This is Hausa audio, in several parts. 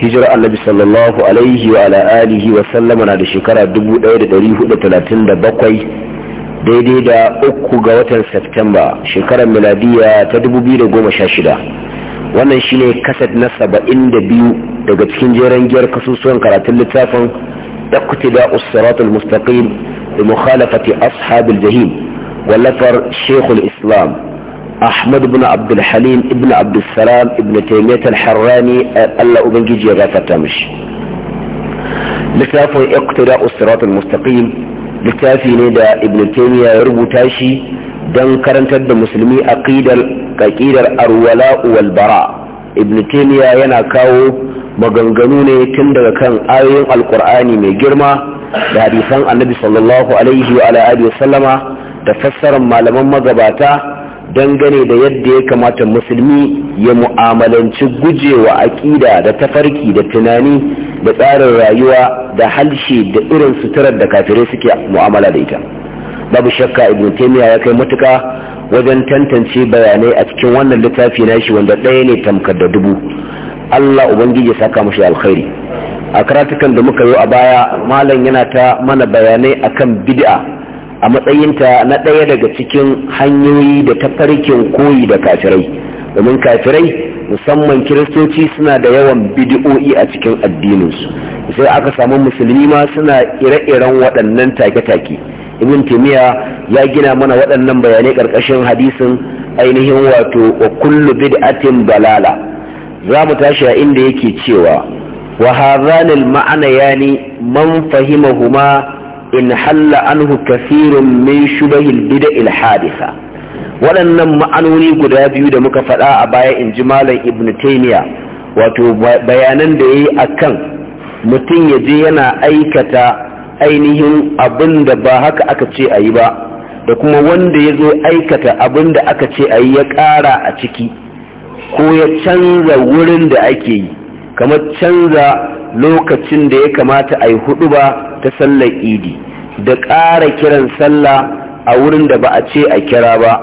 hijirar annabi sallallahu alaihi wa ala alihi wa sallama na da shekara 1437 daidai da uku ga watan Septemba shekarar miladiya ta 2016 wannan shine kasat na 72 daga cikin jeren giyar kasusuwan karatun littafin iqtida us-sirat al-mustaqim bi mukhalafati ashabil jahim wallafar shekul islam أحمد بن عبد ibn ابن عبد السلام ابن تيمية الحراني الله أبنجي غافة تمشي littafin iqtida usratul mustaqim littafi ne da ibn taymiya ya rubuta shi don karantar da musulmi aqidar aqidar arwala wal bara ibn taymiya yana kawo maganganu ne tun daga kan ayoyin alqur'ani mai girma da hadisan annabi sallallahu alaihi wa alihi da fassarar malaman magabata dangane da yadda ya kamata musulmi ya mu'amalanci gujewa aƙida da tafarki da tunani da tsarin rayuwa da halshe da irin suturar da kafirai suke mu'amala da ita babu shakka ibn taymiya ya kai matuka wajen tantance bayanai a cikin wannan littafi nashi wanda ɗaya ne tamkar da dubu Allah ubangiji ya saka mashi alkhairi a karatukan da muka yi a baya malam yana ta mana bayanai akan bid'a a matsayinta na ɗaya daga cikin hanyoyi da ta farkin koyi da kafirai domin kafirai musamman kiristoci suna da yawan bidi'o'i a cikin addininsu sai aka samu musulmi ma suna ire-iren waɗannan take-take ibn timiya ya gina mana waɗannan bayanai ƙarƙashin hadisin ainihin wato wa kullu bid'atin balala za mu tashi a inda yake cewa wa hazanil ma'ana yani man fahimahuma in halla anhu kasirun min da bida'il hadisa waɗannan ma'anoni guda biyu da muka faɗa a baya in ji malam ibn taymiya wato bayanan da yayi akan mutum ya je yana aikata ainihin abin da ba haka aka ce a yi ba da kuma wanda ya zo aikata abin da aka ce a yi ya ƙara a ciki ko ya canza wurin da ake yi kamar canza lokacin da ya kamata a yi hudu ba ta sallar idi da ƙara kiran sallah a wurin da ba a ce a kira ba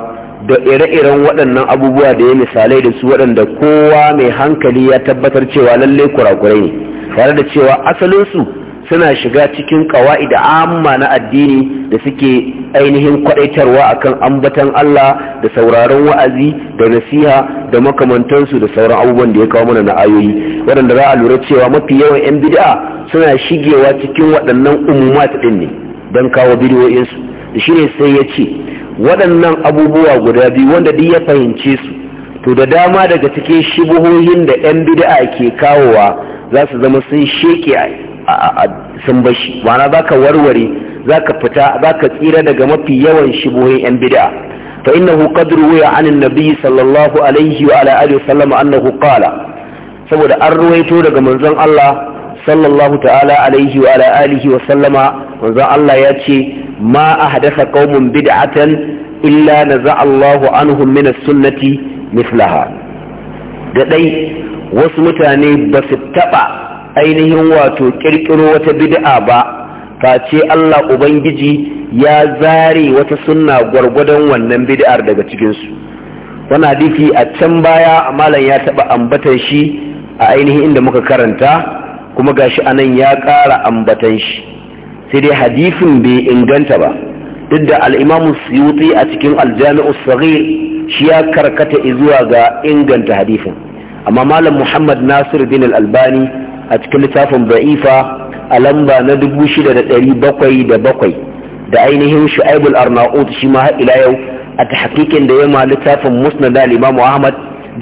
da ire-iren waɗannan abubuwa da ya misalai da su waɗanda kowa mai hankali ya tabbatar cewa lallai kurakurai ne tare da cewa asalinsu suna shiga cikin kawai da amma na addini da suke ainihin kwadaitarwa akan ambatan Allah da sauraron wa'azi da nasiha da makamantansu da sauran abubuwan da ya kawo mana na ayoyi waɗanda za a lura cewa mafi yawan 'yan bid'a suna shigewa cikin waɗannan umumat ɗin ne don kawo bidiyoyinsu da shi sai ya ce waɗannan abubuwa guda biyu wanda duk ya fahimce su to da dama daga cikin shibuhohin da 'yan bid'a ke kawowa za su zama sun sheke sun bashi ma'ana za ka warware za ka fita za ka tsira daga mafi yawan shibohin 'yan bida fa innahu qad ruwiya anin nabi sallallahu alaihi wa ala alihi sallam annahu qala saboda an ruwaito daga manzon Allah sallallahu ta'ala alaihi wa ala alihi wa sallama manzon Allah ya ce ma ahdatha qaumun bid'atan illa naza Allahu anhum min as-sunnati mithlaha da dai wasu mutane ba su taba ainihin wato kirkiro wata bid'a ba face Allah ubangiji ya zare wata sunna gwargwadon wannan bid'ar daga cikinsu wani hadisi a can baya malam ya taɓa ambatan shi a ainihin inda muka karanta kuma gashi anan ya ƙara ambatan shi sai dai hadisin bai inganta ba duk da al'imamu suyuti a cikin aljami'u sagir shi ya karkata zuwa ga inganta hadisin amma malam muhammad nasir bin al-albani a cikin littafin da'ifa a lamba na 6,707 da ainihin shu'aibul arna'ut shi ma ila yau a ta hakikin da ma littafin musnad al-imam ahmad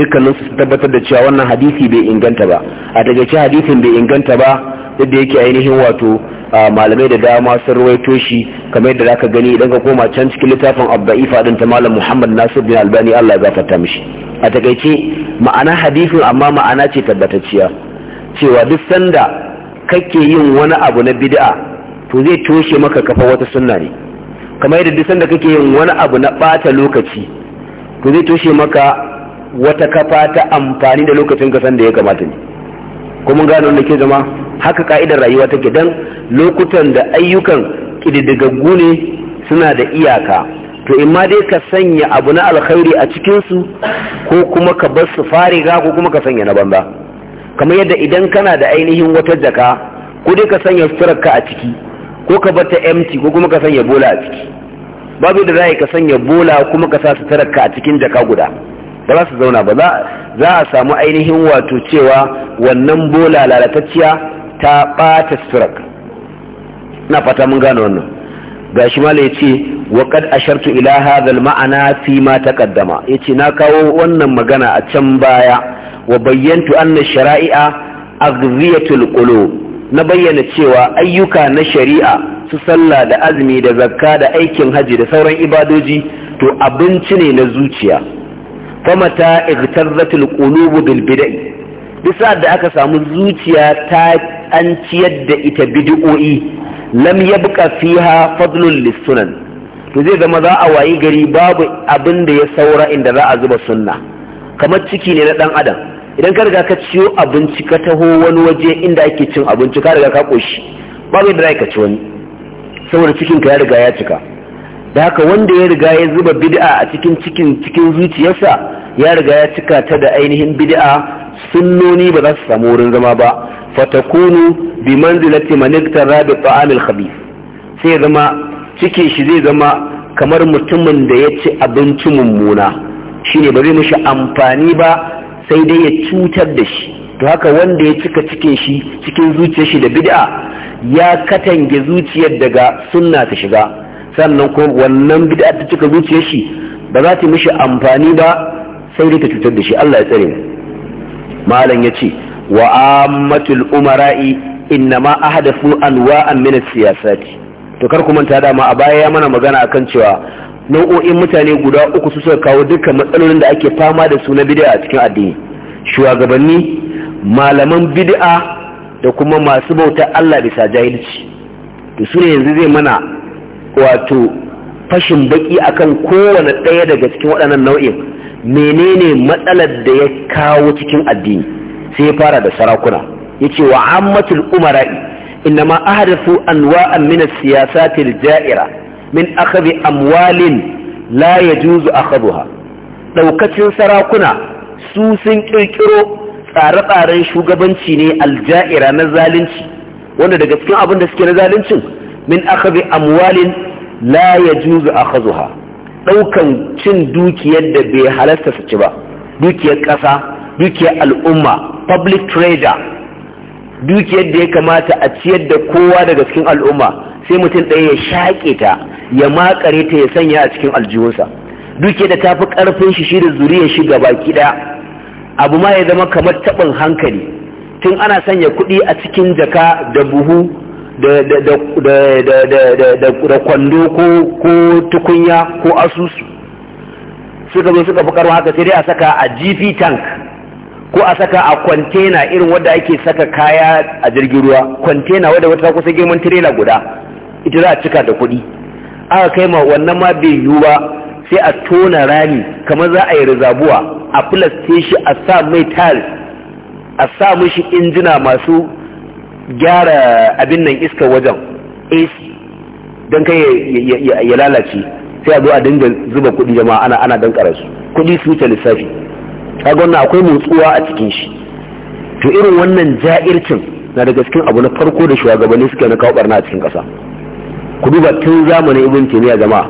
dukkanin su tabbatar da cewa wannan hadisi bai inganta ba a takaice hadisin bai inganta ba yadda yake ainihin wato malamai da dama sun ruwaito shi kamar yadda zaka gani idan ka koma can cikin littafin abba'ifa din ta malam muhammad nasir bin albani allah ya gafarta mishi a takaice ma'ana hadisin amma ma'ana ce tabbatacciya cewa duk sanda kake yin wani abu na bid'a to zai toshe maka kafa wata sunna ne kamar yadda duk sanda kake yin wani abu na bata lokaci to zai toshe maka wata kafa ta amfani da lokacin ka sanda ya kamata ne kuma gano wanda ke zama haka ka'idar rayuwa take dan lokutan da ayyukan kididdigaggu ne suna da iyaka to imma dai ka sanya abu na alkhairi a cikinsu ko kuma ka bar su fariga ko kuma ka sanya na banza kamar yadda idan kana da ainihin wata jaka ko dai ka sanya sutura a ciki ko ka bar ta empty ko kuma ka sanya bola a ciki babu da za ka sanya bola kuma ka sa sutura a cikin jaka guda ba za su zauna ba za a samu ainihin wato cewa wannan bola lalatacciya ta ɓata sutura. na fata mun gane wannan ga mala ya ce wa kad ashartu ila hadha ma'ana fi ma taqaddama yace na kawo wannan magana a can baya wa bayyantu anna shara'i'a aghziyatul qulub na bayyana cewa ayyuka na shari'a su sallah da azumi da zakka da aikin haji da sauran ibadoji to abinci ne na zuciya famata igtarzatul qulub bil bid'i duk da aka samu zuciya ta an ciyar da ita bid'o'i lam yabqa fiha fadlun lisunan to zai zama za a wayi gari babu abin da ya saura inda za a zuba sunna kamar ciki ne na dan adam idan ka riga ka ciyo abinci ka taho wani waje inda ake cin abinci ka riga ka koshi babu yadda ka ci wani saboda cikinka ka ya riga ya cika da haka wanda ya riga ya zuba bid'a a cikin cikin cikin zuciyarsa ya riga ya cika ta da ainihin bid'a sunnoni ba za su samu wurin zama ba fatakunu bi manzilati man iktara bi ta'amil khabith sai zama cikin shi zai zama kamar mutumin da ya ci abinci mummuna shine ba zai mishi amfani ba sai dai ya cutar da shi to haka wanda ya cika cikin shi cikin zuciyar shi da bid'a ya katange zuciyar daga sunna ta shiga sannan kuma wannan bid'a ta cika zuciyar shi ba za ta mishi amfani ba sai dai ta cutar da shi Allah ya tsare mu malam yace wa ammatul umara'i innama ahdathu anwa'an min as-siyasati to kar ku manta ma a baya ya mana magana akan cewa nau'o'in mutane guda uku su suka kawo dukkan matsalolin da ake fama da su na bid'a a cikin addini shugabanni malaman bid'a da kuma masu bauta Allah bisa jahilci to su ne yanzu zai mana wato fashin baki akan kowane ɗaya daga cikin waɗannan nau'in menene matsalar da ya kawo cikin addini sai ya fara da sarakuna yace wa ammatul umara'i ma ahdathu anwa'an min as al ja'ira min akhadhi amwalin la yajuzu akhadhuha daukacin sarakuna su sun kirkiro tsare-tsaren shugabanci ne aljaira na zalunci wanda daga cikin abin da suke na zaluncin min akhadhi amwalin la yajuzu akhadhuha daukan cin dukiyar da bai halarta su ci ba dukiyar kasa dukiyar al'umma public treasure dukiyar da ya kamata a ciyar da kowa daga cikin al'umma sai mutum ɗaya ya shaƙe ta ya makare ta ya sanya a cikin aljihunsa duke da tafi karfin shi shi da zuriyar shi ga baki daya abu ma ya zama kamar tabin hankali tun ana sanya kuɗi a cikin jaka da buhu da kwando ko tukunya ko asusu suka zo suka fi karwa haka sai dai a saka a gp tank ko a saka a kwantena irin wadda ake saka kaya a jirgin ruwa kwantena wadda wata kusa girman tirela guda ita za a cika da kuɗi aka kai ma wannan ma bai yiwu ba sai a tona rami kamar za a yi rizabuwa a filaste shi a sa mai tiles a sa mishi injina masu gyara abin nan iska wajen ac don kai ya lalace sai a zo a dinga zuba kuɗi jama'a ana ana dan karasu kuɗi su ta lissafi kaga wannan akwai motsuwa a cikin shi to irin wannan ja'ircin na daga cikin abu na farko da shugabanni suke na kawo barna a cikin ƙasa ku duba tun zamanin ibn taymiya azama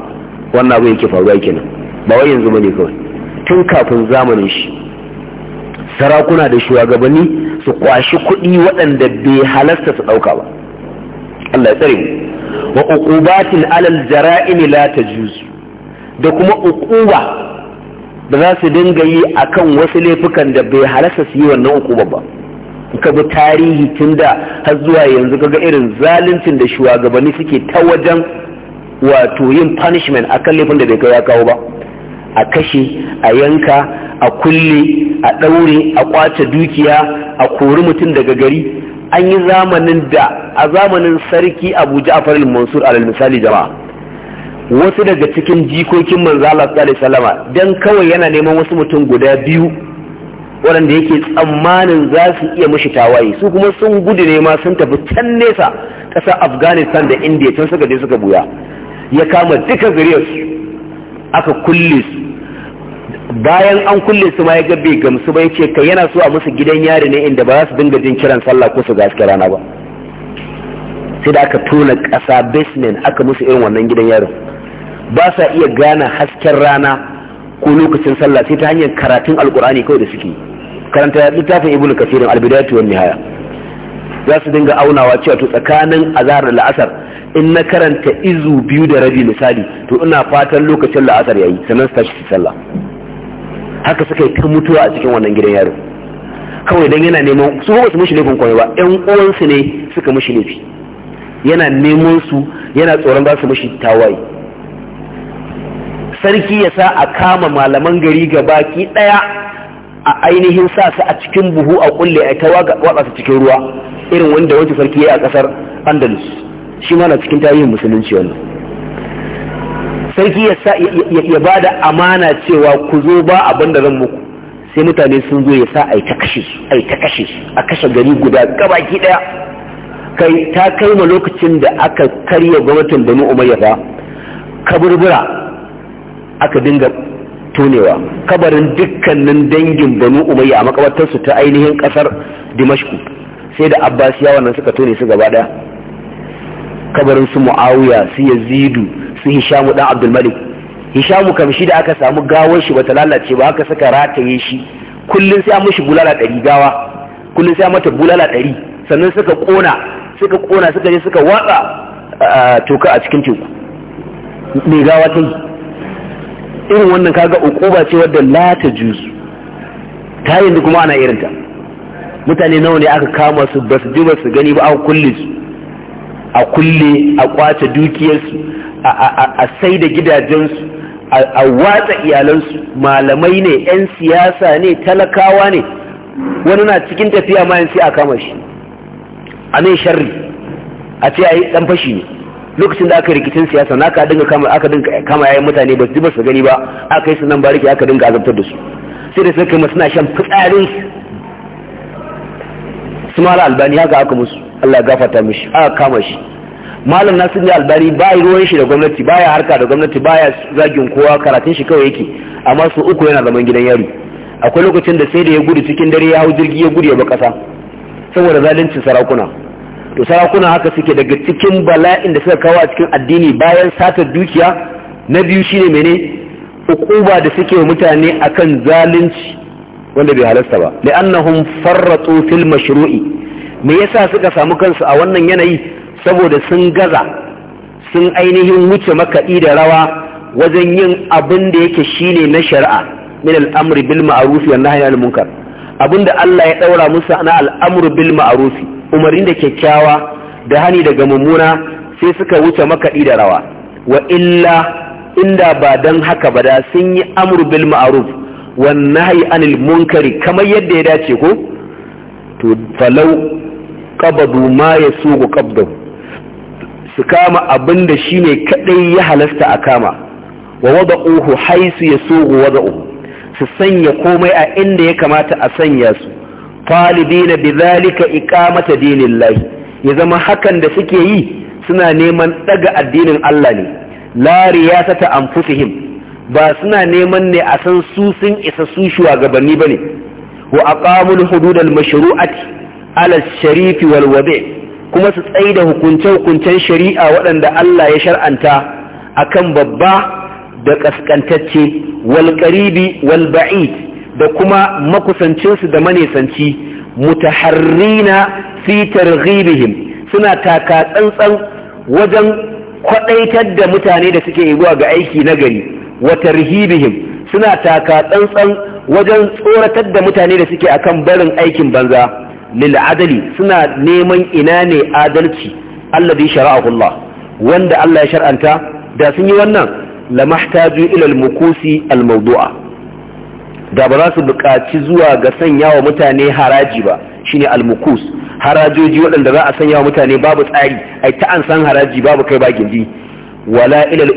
wannan abu yake faruwa kenan ba wai yanzu bane kawai tun kafin zamanin shi sarakuna da shugabanni su kwashi kuɗi waɗanda bai halasta su ɗauka ba Allah ya tsare mu wa uqubatin alal jara'in la tajuz da kuma uquba da za su dinga yi akan wasu laifukan da bai halasta su yi wannan uquba ba ka bi tarihi tun da har zuwa yanzu kaga irin zaluncin da shugabanni suke ta wajen wato yin punishment a kan laifin da bai kai ya kawo ba a kashe a yanka a kulle a ɗaure a kwace dukiya a kori mutum daga gari an yi zamanin da a zamanin sarki abu ja'far al-mansur alal misali jama'a wasu daga cikin jikokin manzo Allah sallallahu alaihi wasallama dan kawai yana neman wasu mutum guda biyu waɗanda yake tsammanin za su iya mashi tawaye su kuma sun gudu ne ma sun tafi can nesa ƙasar afghanistan da india can suka je suka buya ya kama duka su aka kulle su bayan an kulle su ma ya ga bai gamsu ba kai yana so a musu gidan yari ne inda ba za su dinga jin kiran sallah ko su ga aske rana ba sai da aka tona ƙasa basement aka musu irin wannan gidan yarin ba sa iya gane hasken rana ko lokacin sallah sai ta hanyar karatun alkur'ani kawai da suke karanta littafin ibnu kasirin albidayatu wan nihaya za su dinga aunawa cewa to tsakanin azhar da la'asar in na karanta izu biyu da rabi misali to ina fatan lokacin la'asar yayi sannan su tashi sallah haka suka yi ta mutuwa a cikin wannan gidan yaro kawai dan yana neman su ba su mishi laifin kwaye ba ƴan uwansu ne suka mishi laifi yana neman su yana tsoron za su mishi tawaye sarki ya sa a kama malaman gari gabaki ɗaya a ainihin sa su a cikin buhu a kulle a ta watsa su cikin ruwa irin wanda wancan sarki ya a ƙasar andalus shi ma na cikin tarihin musulunci wannan sarki ya ba da amana cewa ku zo ba abin da zan muku sai mutane sun zo ya sa a yi ta kashe su a yi ta kashe su a kashe gari guda baki ɗaya. kai ta kai ma lokacin da aka karya gwamnatin banu umayya ba kaburbura aka dinga tonewa kabarin dukkanin dangin banu umayya a makabartarsu ta ainihin kasar dimashku sai da abbasiyawa nan suka tone su gaba daya kabarin su muawiya su yazidu su hishamu dan abdulmalik hishamu shi da aka samu gawar shi bata lalace ba aka saka rataye shi kullun sai an mishi bulala ɗari gawa kullun sai an mata bulala ɗari sannan suka kona suka kona suka je suka watsa ah, toka a cikin teku mai gawa ta yi irin wannan kaga ukuba ce wadda la ta juzu ta yanzu kuma ana irinta mutane nawa ne aka kama su ba su ji ba su gani ba a kulle su a kulle a kwace dukiyarsu a sai da gidajensu a watsa iyalansu malamai ne 'yan siyasa ne talakawa ne wani na cikin tafiya ma a kama shi a mai sharri a ce a yi dan fashi ne lokacin da aka rikicin siyasa na ka dinga kama aka dinga kama yayin mutane ba su ba su gani ba aka yi su nan bariki aka dinga azabtar da su sai da suka yi suna shan fitsarin su mala albani haka aka musu Allah gafarta mishi aka kama shi malam nasir ne albani ba yi ruwan shi da gwamnati ba ya harka da gwamnati ba ya zagin kowa karatun shi kawai yake amma su uku yana zaman gidan yari akwai lokacin da sai da ya gudu cikin dare ya hau jirgi ya gudu ya ba kasa saboda zaluncin sarakuna to sarakuna haka suke daga cikin bala'in da suka kawo a cikin addini bayan satar dukiya na biyu shine mene hukuma da suke wa mutane akan zalunci wanda bai halasta ba li'annahum farratu fil mashru'i me yasa suka samu kansu a wannan yanayi saboda sun gaza sun ainihin wuce makaɗi da rawa wajen yin abin da yake shine na shari'a min al'amri bil ma'ruf wa nahyi anil munkar abinda Allah ya daura musu na al'amru bil ma'ruf umarni da kyakkyawa da hani daga mummuna sai suka wuce makaɗi da rawa wa illa inda ba don haka ba da sun yi amru bil ma'ruf wannan nahyi anil munkari kamar yadda ya dace ko to falau qabadu ma yasuqu qabdahu su kama abin da shi ne kadai ya halasta a kama wa uhu haisu ya wada uhu su sanya komai a inda ya kamata a sanya su talibina bidhalika iqamata dinillahi ya zama hakan da suke yi suna neman daga addinin Allah ne Lari la riyasata anfusihim ba suna neman ne a san su sun isa su shugabanni bane wa aqamul hududal mashru'ati ala sharifi wal kuma su tsaida hukunce hukuncen shari'a waɗanda Allah ya shar'anta akan babba da ƙasƙantacce wal qaribi wal ba'id da kuma makusancinsu da manesanci mutaharrina fi targhibihim suna taka tsantsan wajen kwadaitar da mutane da suke zuwa ga aiki na gari wa tarhibihim suna taka tsantsan wajen tsoratar da mutane da suke akan barin aikin banza lil adali suna neman ina ne adalci alladhi shara'ahu Allah wanda Allah ya shar'anta da sun yi wannan lamahtaju ila al-mukusi al-mawdu'a da ba za su buƙaci zuwa ga sanya wa mutane haraji ba shine almukus harajoji waɗanda za a sanya wa mutane babu tsari ai ta an san haraji babu kai ba gindi wala ilal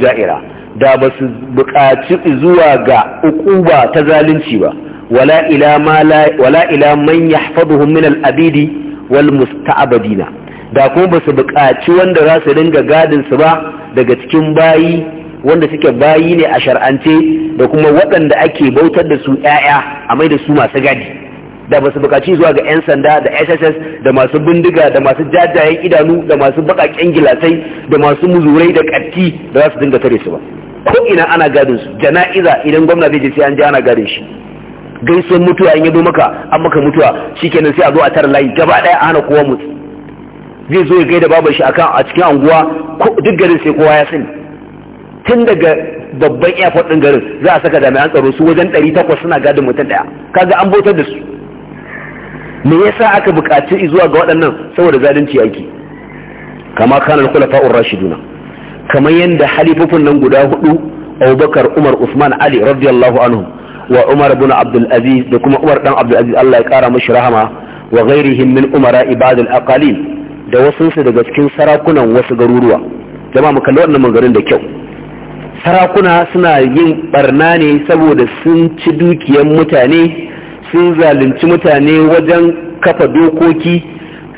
ja'ira da ba su buƙaci zuwa ga uquba ta zalunci ba wala ila ma wala ila man yahfaduhum min al-abidi wal da kuma ba su buƙaci wanda za su dinga gadin su ba daga cikin bayi wanda suke bayi ne a shar'ance da kuma waɗanda ake bautar da su ƴaƴa a mai da su masu gadi da ba su bukaci zuwa ga 'yan sanda da sss da masu bindiga da masu jajayen idanu da masu baƙaƙen gilasai da masu muzurai da ƙarti da za su dinga tare su ba ko ina ana gadin su jana'iza idan gwamna zai je sai an je ana gadin shi gaisuwar mutuwa in zo maka an maka mutuwa shikenan sai a zo a tara layi gaba a ana kowa mutu zai zo ya gaida babu shi akan a cikin anguwa duk garin sai kowa ya sani tun daga babban airport din garin za a saka jami'an tsaro su wajen 800 suna gadin mutum daya kaga an bautar da su me yasa aka buƙaci zuwa ga waɗannan saboda zalunci yake kama kana al-khulafa'ur rashiduna kamar yanda halifofin nan guda hudu Abubakar Umar Usman Ali radiyallahu anhu wa Umar ibn Abdul Aziz da kuma Umar dan Abdul Aziz Allah ya kara mashi rahama wa ghairihim min umara ibad al-aqalin da wasu daga cikin sarakunan wasu garuruwa jama'a mu kalli wannan magarin da kyau sarakuna suna yin barna ne saboda sun ci dukiyar mutane sun zalunci mutane wajen kafa dokoki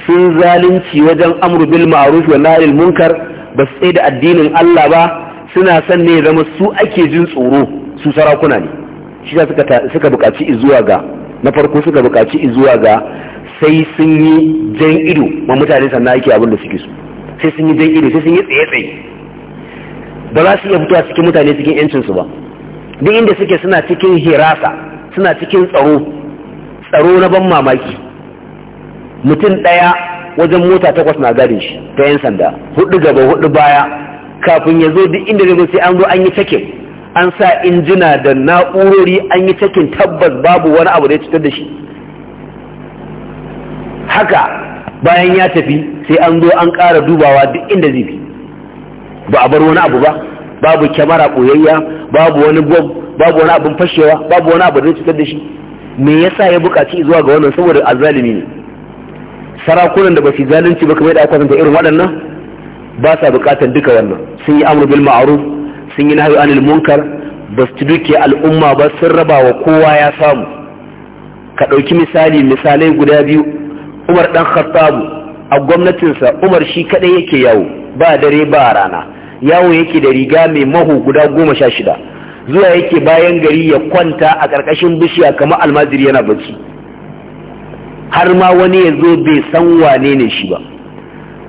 sun zalunci wajen amru bil ma'ruf wa al munkar ba su da addinin Allah ba suna son ne zama su ake jin tsoro su sarakuna ne shi suka suka buƙaci izuwa ga na farko suka buƙaci izuwa ga sai sun yi jan ido ma mutane sannan ake abin da suke so sai sun yi jan ido sai sun yi tsaye tsaye ba za su iya fitowa cikin mutane cikin yancin su ba duk inda suke suna cikin hirasa suna cikin tsaro tsaro na ban mamaki mutum ɗaya wajen mota takwas na garin shi ta yan sanda hudu gaba hudu baya kafin ya zo duk inda zai sai an zo an yi cakin an sa injina da na'urori an yi cakin tabbas babu wani abu da ya cutar da shi haka bayan ya tafi sai an zo an kara dubawa duk inda zai bi ba a bar wani abu ba babu kyamara koyayya babu wani gwam, babu wani abin fashewa babu wani abu da cutar da shi me yasa ya bukaci zuwa ga wannan saboda azalimi ne sarakunan da ba su zalunci ba kamar da aka zanta irin waɗannan ba sa bukatar duka wannan sun yi amru bil ma'ruf sun yi nahyi anil munkar ba su duke al'umma ba sun raba wa kowa ya samu ka ɗauki misali misalai guda biyu umar ɗan khattab a gwamnatinsa umar shi kaɗai yake yawo ba dare ba rana yawo yake da riga mai mahu guda goma sha shida zuwa yake bayan gari ya kwanta a ƙarƙashin bishiya kamar almajiri yana bacci har ma wani ya zo bai san wane ne shi ba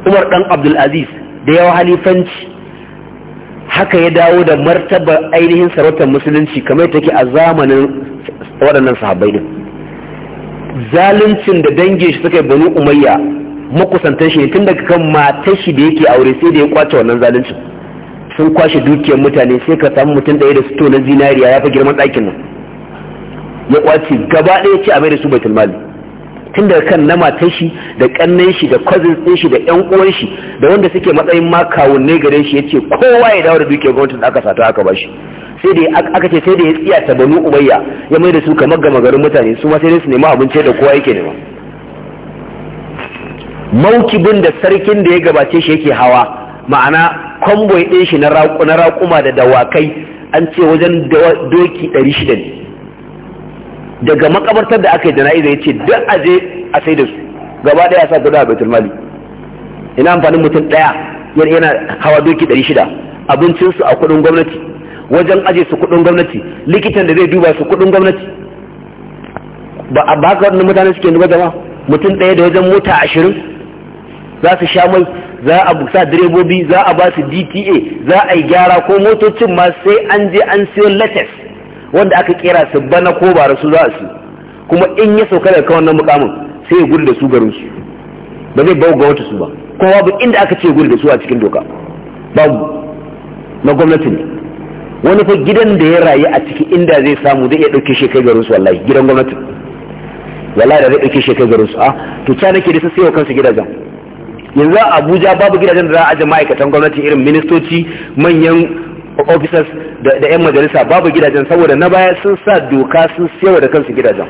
umar ɗan abdulaziz da yawa halifanci haka ya dawo da martaba ainihin sarautar musulunci kamar take a zamanin waɗannan sahabbai din zaluncin da dangin shi suka yi banu umayya makusantar shi ne tun daga kan matashi da yake aure sai da ya kwace wannan zaluncin sun kwashe dukiyar mutane sai ka samu mutum ɗaya da sito na zinariya ya fi girman ɗakin nan ya kwace gaba ɗaya ce a mai da su baitul mali tun daga kan na matan shi da ƙannen shi da cousins ɗin shi da ƴan uwan shi da wanda suke matsayin ma kawunne gare shi yace kowa ya dawo da dukiyar gwamnati da aka sata aka bashi sai da aka ce sai da ya tsiya ta banu ubayya ya mai da su kamar gama garin mutane su ma sai su nema abinci da kowa yake nema maukibin da sarkin da ya gabace shi yake hawa ma'ana kwamboi ɗin shi na raƙuma da dawakai an ce wajen doki 600 ne daga makabartar da aka yi jana'iza ya ce duk a je a sai da su gaba ɗaya sa gudu a baitul mali ina amfanin mutum ɗaya yana hawa doki 600 abincinsu a kuɗin gwamnati wajen aje su kuɗin gwamnati likitan da zai duba su kuɗin gwamnati ba a baka wannan mutane suke duba jama'a mutum ɗaya da wajen mota ashirin za su sha mai za a sa direbobi za a ba su dta za a yi gyara ko motocin ma sai an je an siyo latest wanda aka kera su bana ko bara su za su kuma in ya sauka daga kawan nan mukamin sai ya gudu da su garin su ba zai bau ga wata su ba kowa ba inda aka ce gudu da su a cikin doka babu na gwamnati ne wani fa gidan da ya rayu a ciki inda zai samu zai iya ɗauke shi kai garin su wallahi gidan gwamnati wallahi da zai ɗauke shi kai garin su a ah, to ca nake da sai wa kansu gidajen yanzu a abuja babu gidajen da za a aje ma'aikatan gwamnati irin ministoci manyan officers da 'yan majalisa babu gidajen saboda na baya sun sa doka sun siyarwa da kansu gidajen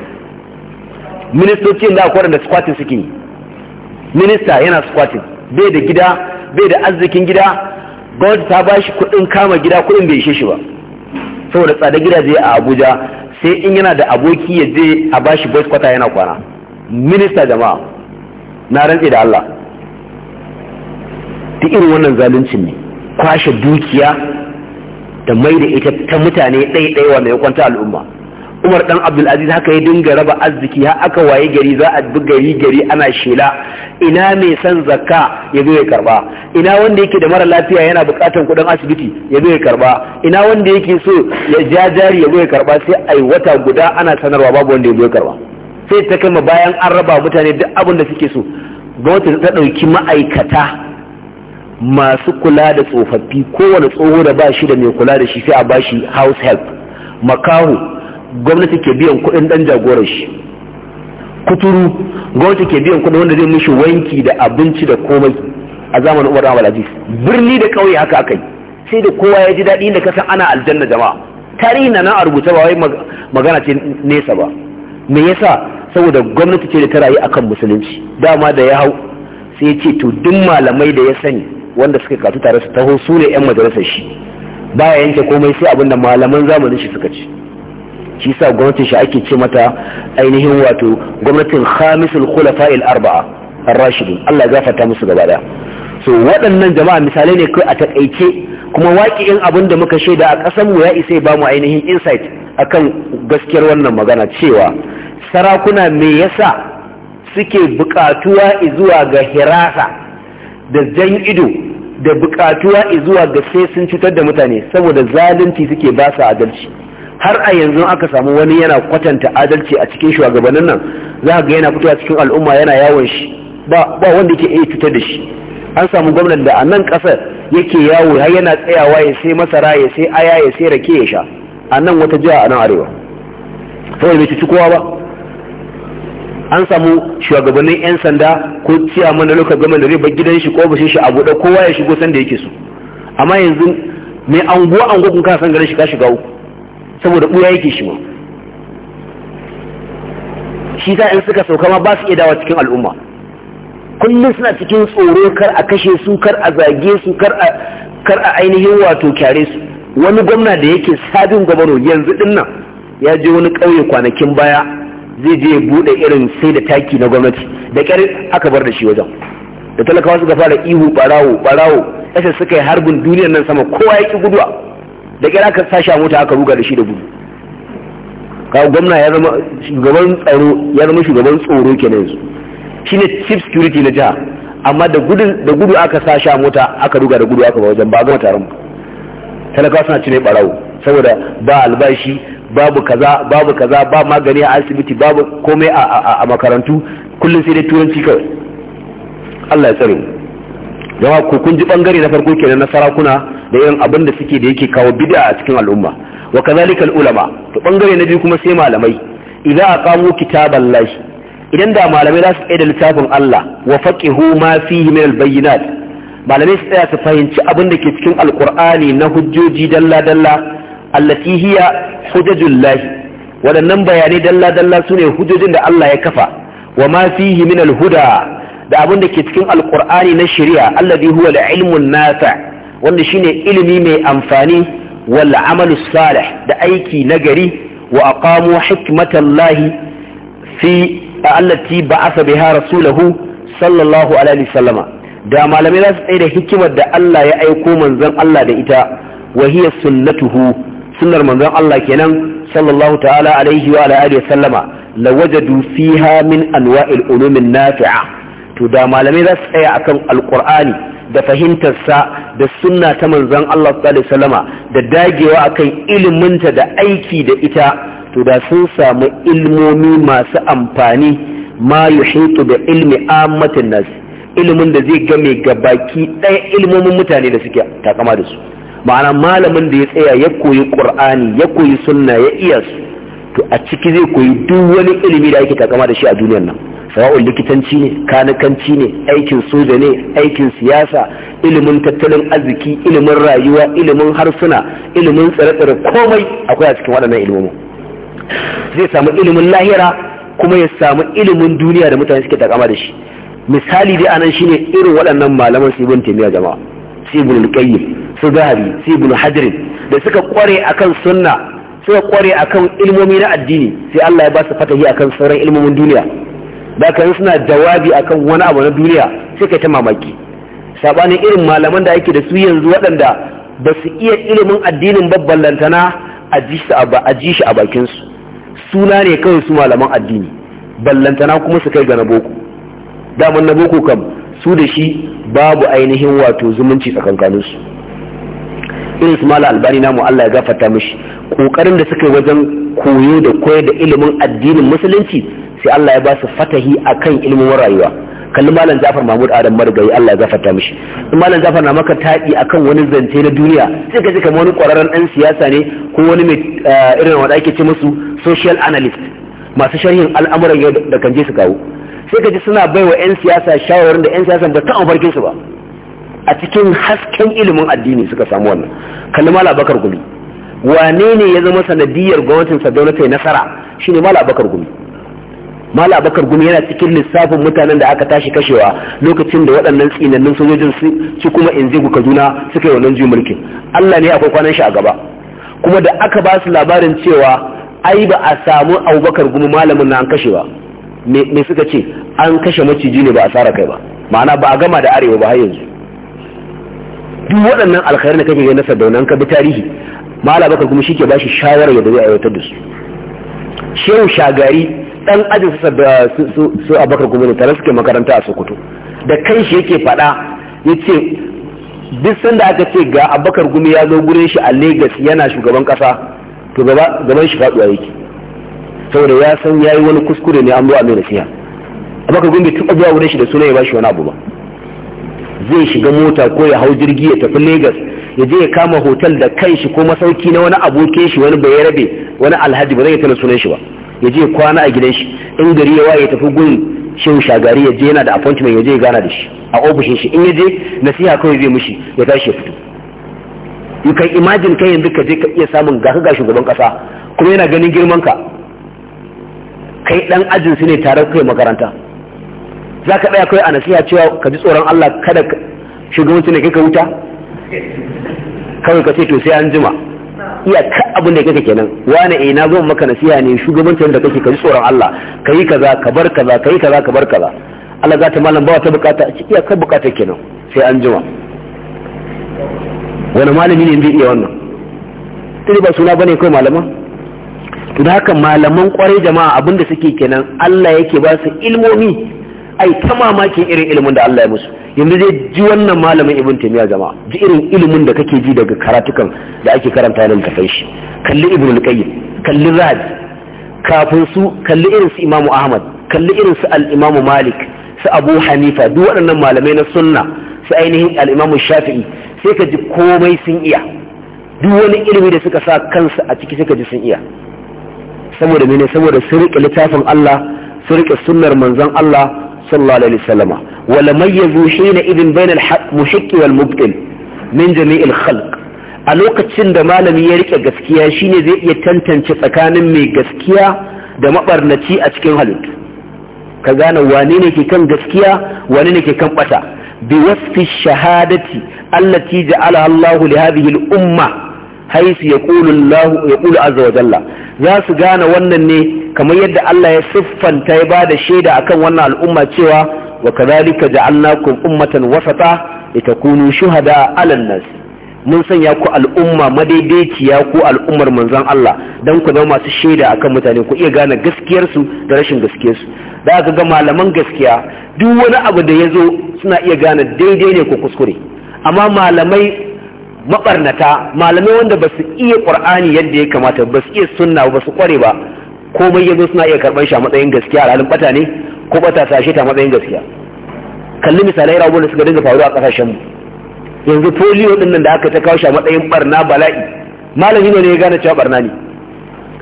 ministoci da akwai da squatting suke yi minista yana squatting bai da gida bai da arzikin gida gwamnati ta ba shi kudin kama gida kudin bai ishe shi ba saboda tsada gidaje a abuja sai in yana da aboki ya je a ba shi boys kwata yana kwana minista jama'a na rantse da allah duk irin wannan zaluncin ne kwashe dukiya da mai da ita ta mutane ɗaiɗaiwa mai kwanta al'umma umar dan abdulaziz haka ya dinga raba arziki har aka waye gari za a bi gari gari ana shela ina mai son zakka ya zo ya karba ina wanda yake da mara lafiya yana bukatan kuɗin asibiti ya zo ya karba ina wanda yake so ya ja jari ya zo ya karba sai ai wata guda ana sanarwa babu wanda ya zo ya karba sai ta kai bayan an raba mutane duk abin da suke so gwamnati ta dauki ma'aikata masu kula da tsofaffi kowane tsoho da ba shi da mai kula da shi sai a ba shi house help makahu gwamnati ke biyan kudin dan jagorar shi kuturu gwamnati ke biyan kudin wanda zai mishi wanki da abinci da komai a zamanin umar ahmad aziz birni da kauye haka akai sai da kowa ya ji daɗi da kasan ana aljanna jama'a tarihi na nan a rubuta ba wai magana ce nesa ba me yasa saboda gwamnati ce da ta rayu akan musulunci dama da ya hau sai ce to duk malamai da ya sani wanda suka kasu tare su taho su ne yan majalisar shi baya yanke komai sai abinda malaman zamanin shi suka ci. shi sa gwamnatin shi ake ce mata ainihin wato gwamnatin khamisul khulafa'il arba'a ar-rashidin Allah ya gafarta musu gaba daya so waɗannan jama'a misalai ne kai a takaice kuma in abin da muka shaida a ƙasar mu ya isa ba mu ainihin insight akan gaskiyar wannan magana cewa sarakuna me yasa suke buƙatuwa zuwa ga hirasa da jan ido da bukatuwa zuwa ga sai sun cutar da mutane saboda zalunci suke ba su adalci har a yanzu aka samu wani yana kwatanta adalci a cikin shugabannin nan za ga yana fitowa cikin al'umma yana yawon shi ba wanda yake iya cutar da shi an samu gwamnan da a nan kasar yake yawo har yana tsayawa ya sai masara ya sai aya ya sai rake ya sha a nan wata jiha a nan arewa saboda bai cuci kowa ba an samu shugabannin 'yan sanda ko ciya mana lokacin gama da riba gidan shi ko bashin shi a buɗe kowa ya shigo sanda yake so amma yanzu mai anguwa anguwa kun ka san garin shi ka shiga uku saboda ɓuya yake shi ma shi ta in suka sauka ma ba su iya dawa cikin al'umma kullum suna cikin tsoro kar a kashe su kar a zage su kar a ainihin wato kyare su wani gwamna da yake sabin gwamnati yanzu dinnan ya je wani ƙauye kwanakin baya zai je bude irin sai da taki na gwamnati da kyar aka bar da shi wajen da talakawa suka fara ihu barawo barawo ƙasa suka yi harbin duniyar nan sama kowa ya ki guduwa da kyar aka sashi a mota aka ruga da shi da gudu kawo gwamna ya zama shugaban tsaro ya zama shugaban tsoro kenan yanzu shine chief security na jiha amma da gudu da gudu aka sashi a mota aka ruga da gudu aka ba wajen ba gama taron talakawa suna cire barawo saboda ba albashi babu kaza babu kaza ba magani a asibiti babu komai a makarantu kullum sai dai turanci kawai Allah ya tsare mu ku kun ji bangare na farko kenan na sarakuna da irin abin da suke da yake kawo bid'a a cikin al'umma wa kazalika ulama to bangare na biyu kuma sai malamai idza aqamu kitaballahi idan da malamai za su tsaye da littafin Allah wa faqihu ma fihi min al-bayyinat malamai su tsaya su fahimci abin da ke cikin alkur'ani na hujjoji dalla dalla allati hiya lahi waɗannan bayanai dalla-dalla su ne hujjojin da Allah ya kafa wa ma fihi min alhuda da abin da ke cikin alkur'ani na shari'a alladhi huwa al nafi wanda shine ilimi mai amfani wal amalu salih da aiki nagari wa aqamu hikmatallahi fi allati ba'atha biha rasulahu sallallahu alaihi wasallama da malamai za su tsaye da hikimar da Allah ya aiko manzon Allah da ita wa hiya sunnatuhu sunnar manzon Allah kenan sallallahu ta'ala alaihi wa ala wa sallama lawajadu fiha min anwa'il ulumin nafi'a to da malamai za su tsaya akan alqur'ani da fahimtar sa da sunna ta manzon Allah sallallahu alaihi sallama da dagewa akan iliminta da aiki da ita to da sun samu ilmomi masu amfani ma yuhitu da ilmi ammatin nas ilimin da zai game ga baki ɗaya ilmomin mutane da suke takama da su ma'ana malamin da ya tsaya ya koyi qur'ani ya koyi sunna ya iya su to a ciki zai koyi duk wani ilimi da ake takama da shi a duniyar nan sawa'un likitanci ne kanikanci ne aikin soja ne aikin siyasa ilimin tattalin arziki ilimin rayuwa ilimin harsuna ilimin tsare-tsare komai akwai a cikin waɗannan ilimin zai samu ilimin lahira kuma ya samu ilimin duniya da mutane suke takama da shi misali dai anan shine irin waɗannan malaman su ibn taymiya jama'a sibul qayyim su zahabi sibul hajr da suka kware akan sunna suka kware akan ilmomi na addini sai Allah ya ba su fatahi akan sauran ilmomin duniya da kan suna jawabi akan wani abu na duniya sai kai ta mamaki sabanin irin malaman da yake da su yanzu waɗanda ba su iya ilimin addinin babban lantana a ji shi a bakinsu suna ne kawai su malaman addini ballantana kuma su kai ga na boko mun na boko kam su da shi babu ainihin wato zumunci tsakankaninsu irin su mala albani namu Allah ya gafarta mishi kokarin da suka yi wajen koyo da koyar da ilimin addinin musulunci sai Allah ya ba su fatahi akan ilimin rayuwa kalli malam Jafar Mahmud Adam Margayi Allah ya gafarta mishi in malam Jafar na maka taɗi akan wani zance na duniya sai ka ji kamar wani ƙwararren ɗan siyasa ne ko wani mai eh, irin wanda ake ce musu social analyst masu sharhin al'amuran yau da kan je su kawo sai ka ji suna bai wa 'yan siyasa shawarar da 'yan siyasa ba ta amfarkin su ba a cikin hasken ilimin addini suka samu wannan kalli mala bakar gumi wane ne ya zama sanadiyar gwamnatin sadauna ta yi nasara shine mala bakar gumi mala bakar gumi yana cikin lissafin mutanen da aka tashi kashewa lokacin da waɗannan tsinannin sojojin su kuma in inzigu kaduna suka yi wannan juyin mulkin allah ne akwai kwanan shi a gaba kuma da aka ba su labarin cewa ai ba a samu abubakar gumi malamin na an kashewa me suka ce an kashe maciji ne ba a tsara kai ba ma'ana ba a gama da arewa ba har yanzu duk waɗannan alkhairar da kake na sadaunan ka bi tarihi mala bakar kuma shi ke ba shawarar yadda zai aiwatar da su shehu shagari ɗan ajin su su abakar kuma ne tare suke makaranta a sokoto da kanshi yake faɗa ya ce duk sanda aka ce ga abakar gumi ya zo gurin shi a Legas yana shugaban kasa to gaban shi faɗuwa yake saboda ya san ya yi wani kuskure ne an zo a mai nasiha amma ka gumbe tuka zuwa wurin shi da suna ya bashi wani abu ba zai shiga mota ko ya hau jirgi ya tafi Lagos ya je ya kama hotel da kanshi ko masauki na wani abokin shi wani bai rabe wani alhaji ba zai tana sunan shi ba ya je kwana a gidan shi in gari ya waye tafi gun shin shagari ya je yana da appointment ya je gana da shi a ofishin shi in ya je nasiha kawai zai mishi ya tashi ya fito you can imagine kai yanzu ka je ka iya samun gaka ga shugaban kasa kuma yana ganin girman ka kai dan ajin su ne tare kai makaranta za ka ɗaya kai a nasiha cewa ka ji tsoron Allah kada shugabanci ne kai ka wuta kawai ka ce to sai an jima iya ka abin da kake kenan wane eh na zo maka nasiha ne shugabancin da kake ka ji tsoron Allah ka yi kaza ka bar kaza ka yi kaza ka bar kaza Allah za ta malam ba wata bukata a iya kai bukata kenan sai an jima wani malami ne zai iya wannan tuni ba suna bane kai malama to haka malaman kwarai jama'a abinda suke kenan Allah yake ba su ilmomi ai ta mamakin irin ilimin da Allah ya musu yanzu zai ji wannan malamin ibn taymiya jama'a ji irin ilimin da kake ji daga karatukan da ake karanta nan tafai shi kalli ibn al-qayyim kalli rabi kafin su kalli irin su imamu ahmad kalli irin su al-imamu malik su abu hanifa duk waɗannan malamai na sunna su ainihin al-imamu shafi'i sai ka ji komai sun iya duk wani ilimi da suka sa kansu a ciki suka ji sun iya saboda mene saboda sun rike littafin Allah sun rike sunnar manzon Allah sallallahu alaihi wasallama wala mayyazu hina idin bainal muhiqqi wal mubtil min jami'il khalq a lokacin da malami ya rike gaskiya shine zai iya tantance tsakanin mai gaskiya da mabarnaci a cikin halittu ka gane wane ne ke kan gaskiya wane ne ke kan bata bi wasfi shahadati allati ja'ala Allahu li hadhihi al-umma haisu ya kulu azza wa jalla za su gane wannan ne kamar yadda Allah ya siffanta ya ba da shaida akan wannan al'umma cewa wa kazalika ja'alnakum ummatan wasata litakunu shuhada 'alan nas mun sanya ku al'umma madaidaiciya ku al'ummar manzon Allah dan ku zama masu shaida akan mutane ku iya gane gaskiyar su da rashin gaskiyar su da aka ga malaman gaskiya duk wani abu da yazo suna iya gane daidai ne ko kuskure amma malamai mabarnata malamai wanda ba su iya qur'ani yadda ya kamata ba su iya sunna ba su kware ba komai yazo suna iya karban shi a matsayin gaskiya a bata ne ko bata sashe ta matsayin gaskiya kalli misalai rabu da suka dinga faruwa a kasashen mu yanzu polio din nan da aka ta kawo shi a matsayin barna bala'i malami ne ya gane cewa barna ne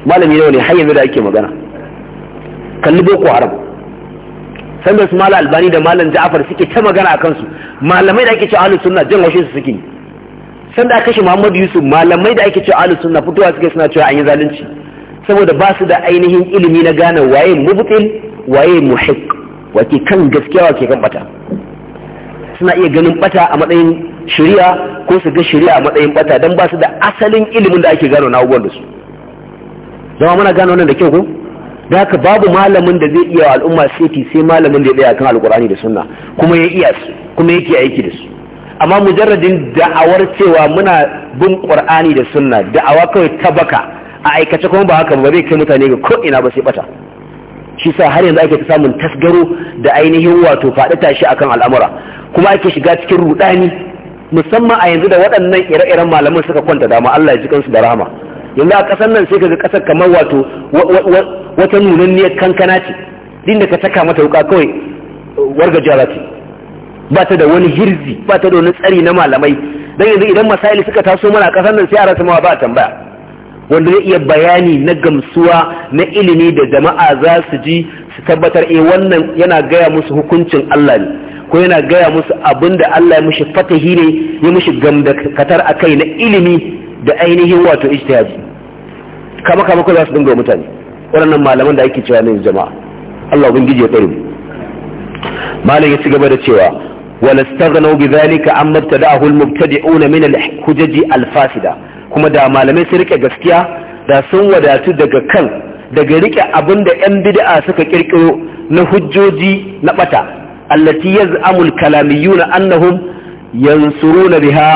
malami ne har yanzu da ake magana kalli boko haram sanda su mala albani da malam ja'afar suke ta magana a kansu malamai da ake cewa ahlus sunna jin washin su suke sanda aka kashe Muhammadu Yusuf malamai da ake cewa ahlus sunna fitowa suke suna cewa an yi zalunci saboda ba su da ainihin ilimi na gane waye mubtil waye muhiq wake kan gaskiya wake kan bata suna iya ganin bata a matsayin shari'a ko su ga shari'a a matsayin bata dan ba su da asalin ilimin da ake gano na abubuwan da su zama muna gano wannan da kyau ko da haka babu malamin da zai iya al'umma seti sai malamin da ya tsaya kan alkurani da sunna kuma ya iya su kuma yake aiki da su amma mujarradin da'awar cewa muna bin qur'ani da sunna da'awa kawai ta baka a aikace kuma ba haka ba zai kai mutane ga ko ina ba sai bata shi sa har yanzu ake ta samun tasgaro da ainihin wato faɗi tashi akan al'amura kuma ake shiga cikin rudani musamman a yanzu da waɗannan ire-iren malaman suka kwanta dama Allah ya ji kansu da rahama yanzu a ƙasar nan sai ka ga ƙasar kamar wato wata nunanniyar kankana ce din da ka taka mata wuka kawai wargajiya jara ce ba ta da wani hirzi ba ta da wani tsari na malamai don yanzu idan masaili suka taso mana a ƙasar nan sai a rasa ma ba tambaya wanda zai iya bayani na gamsuwa na ilimi da jama'a za su ji su tabbatar eh wannan yana gaya musu hukuncin Allah ne ko yana gaya musu abin da Allah ya mushi fatahi ne ya mushi gamdakatar a kai na ilimi da ainihin wato ijtihadi kama kama ko za su dinga mutane waɗannan malaman da ake cewa ne jama'a Allah ubangiji ya tsare mu malam ya ci gaba da cewa wala staghnaw bidhalika amma ibtada'ahu al-mubtadi'una min al-hujaj kuma da malamai su rike gaskiya da sun wadatu daga kan daga rike abinda yan bid'a suka kirkiro na hujjoji na bata allati yaz'amu al-kalamiyuna annahum yansuruna biha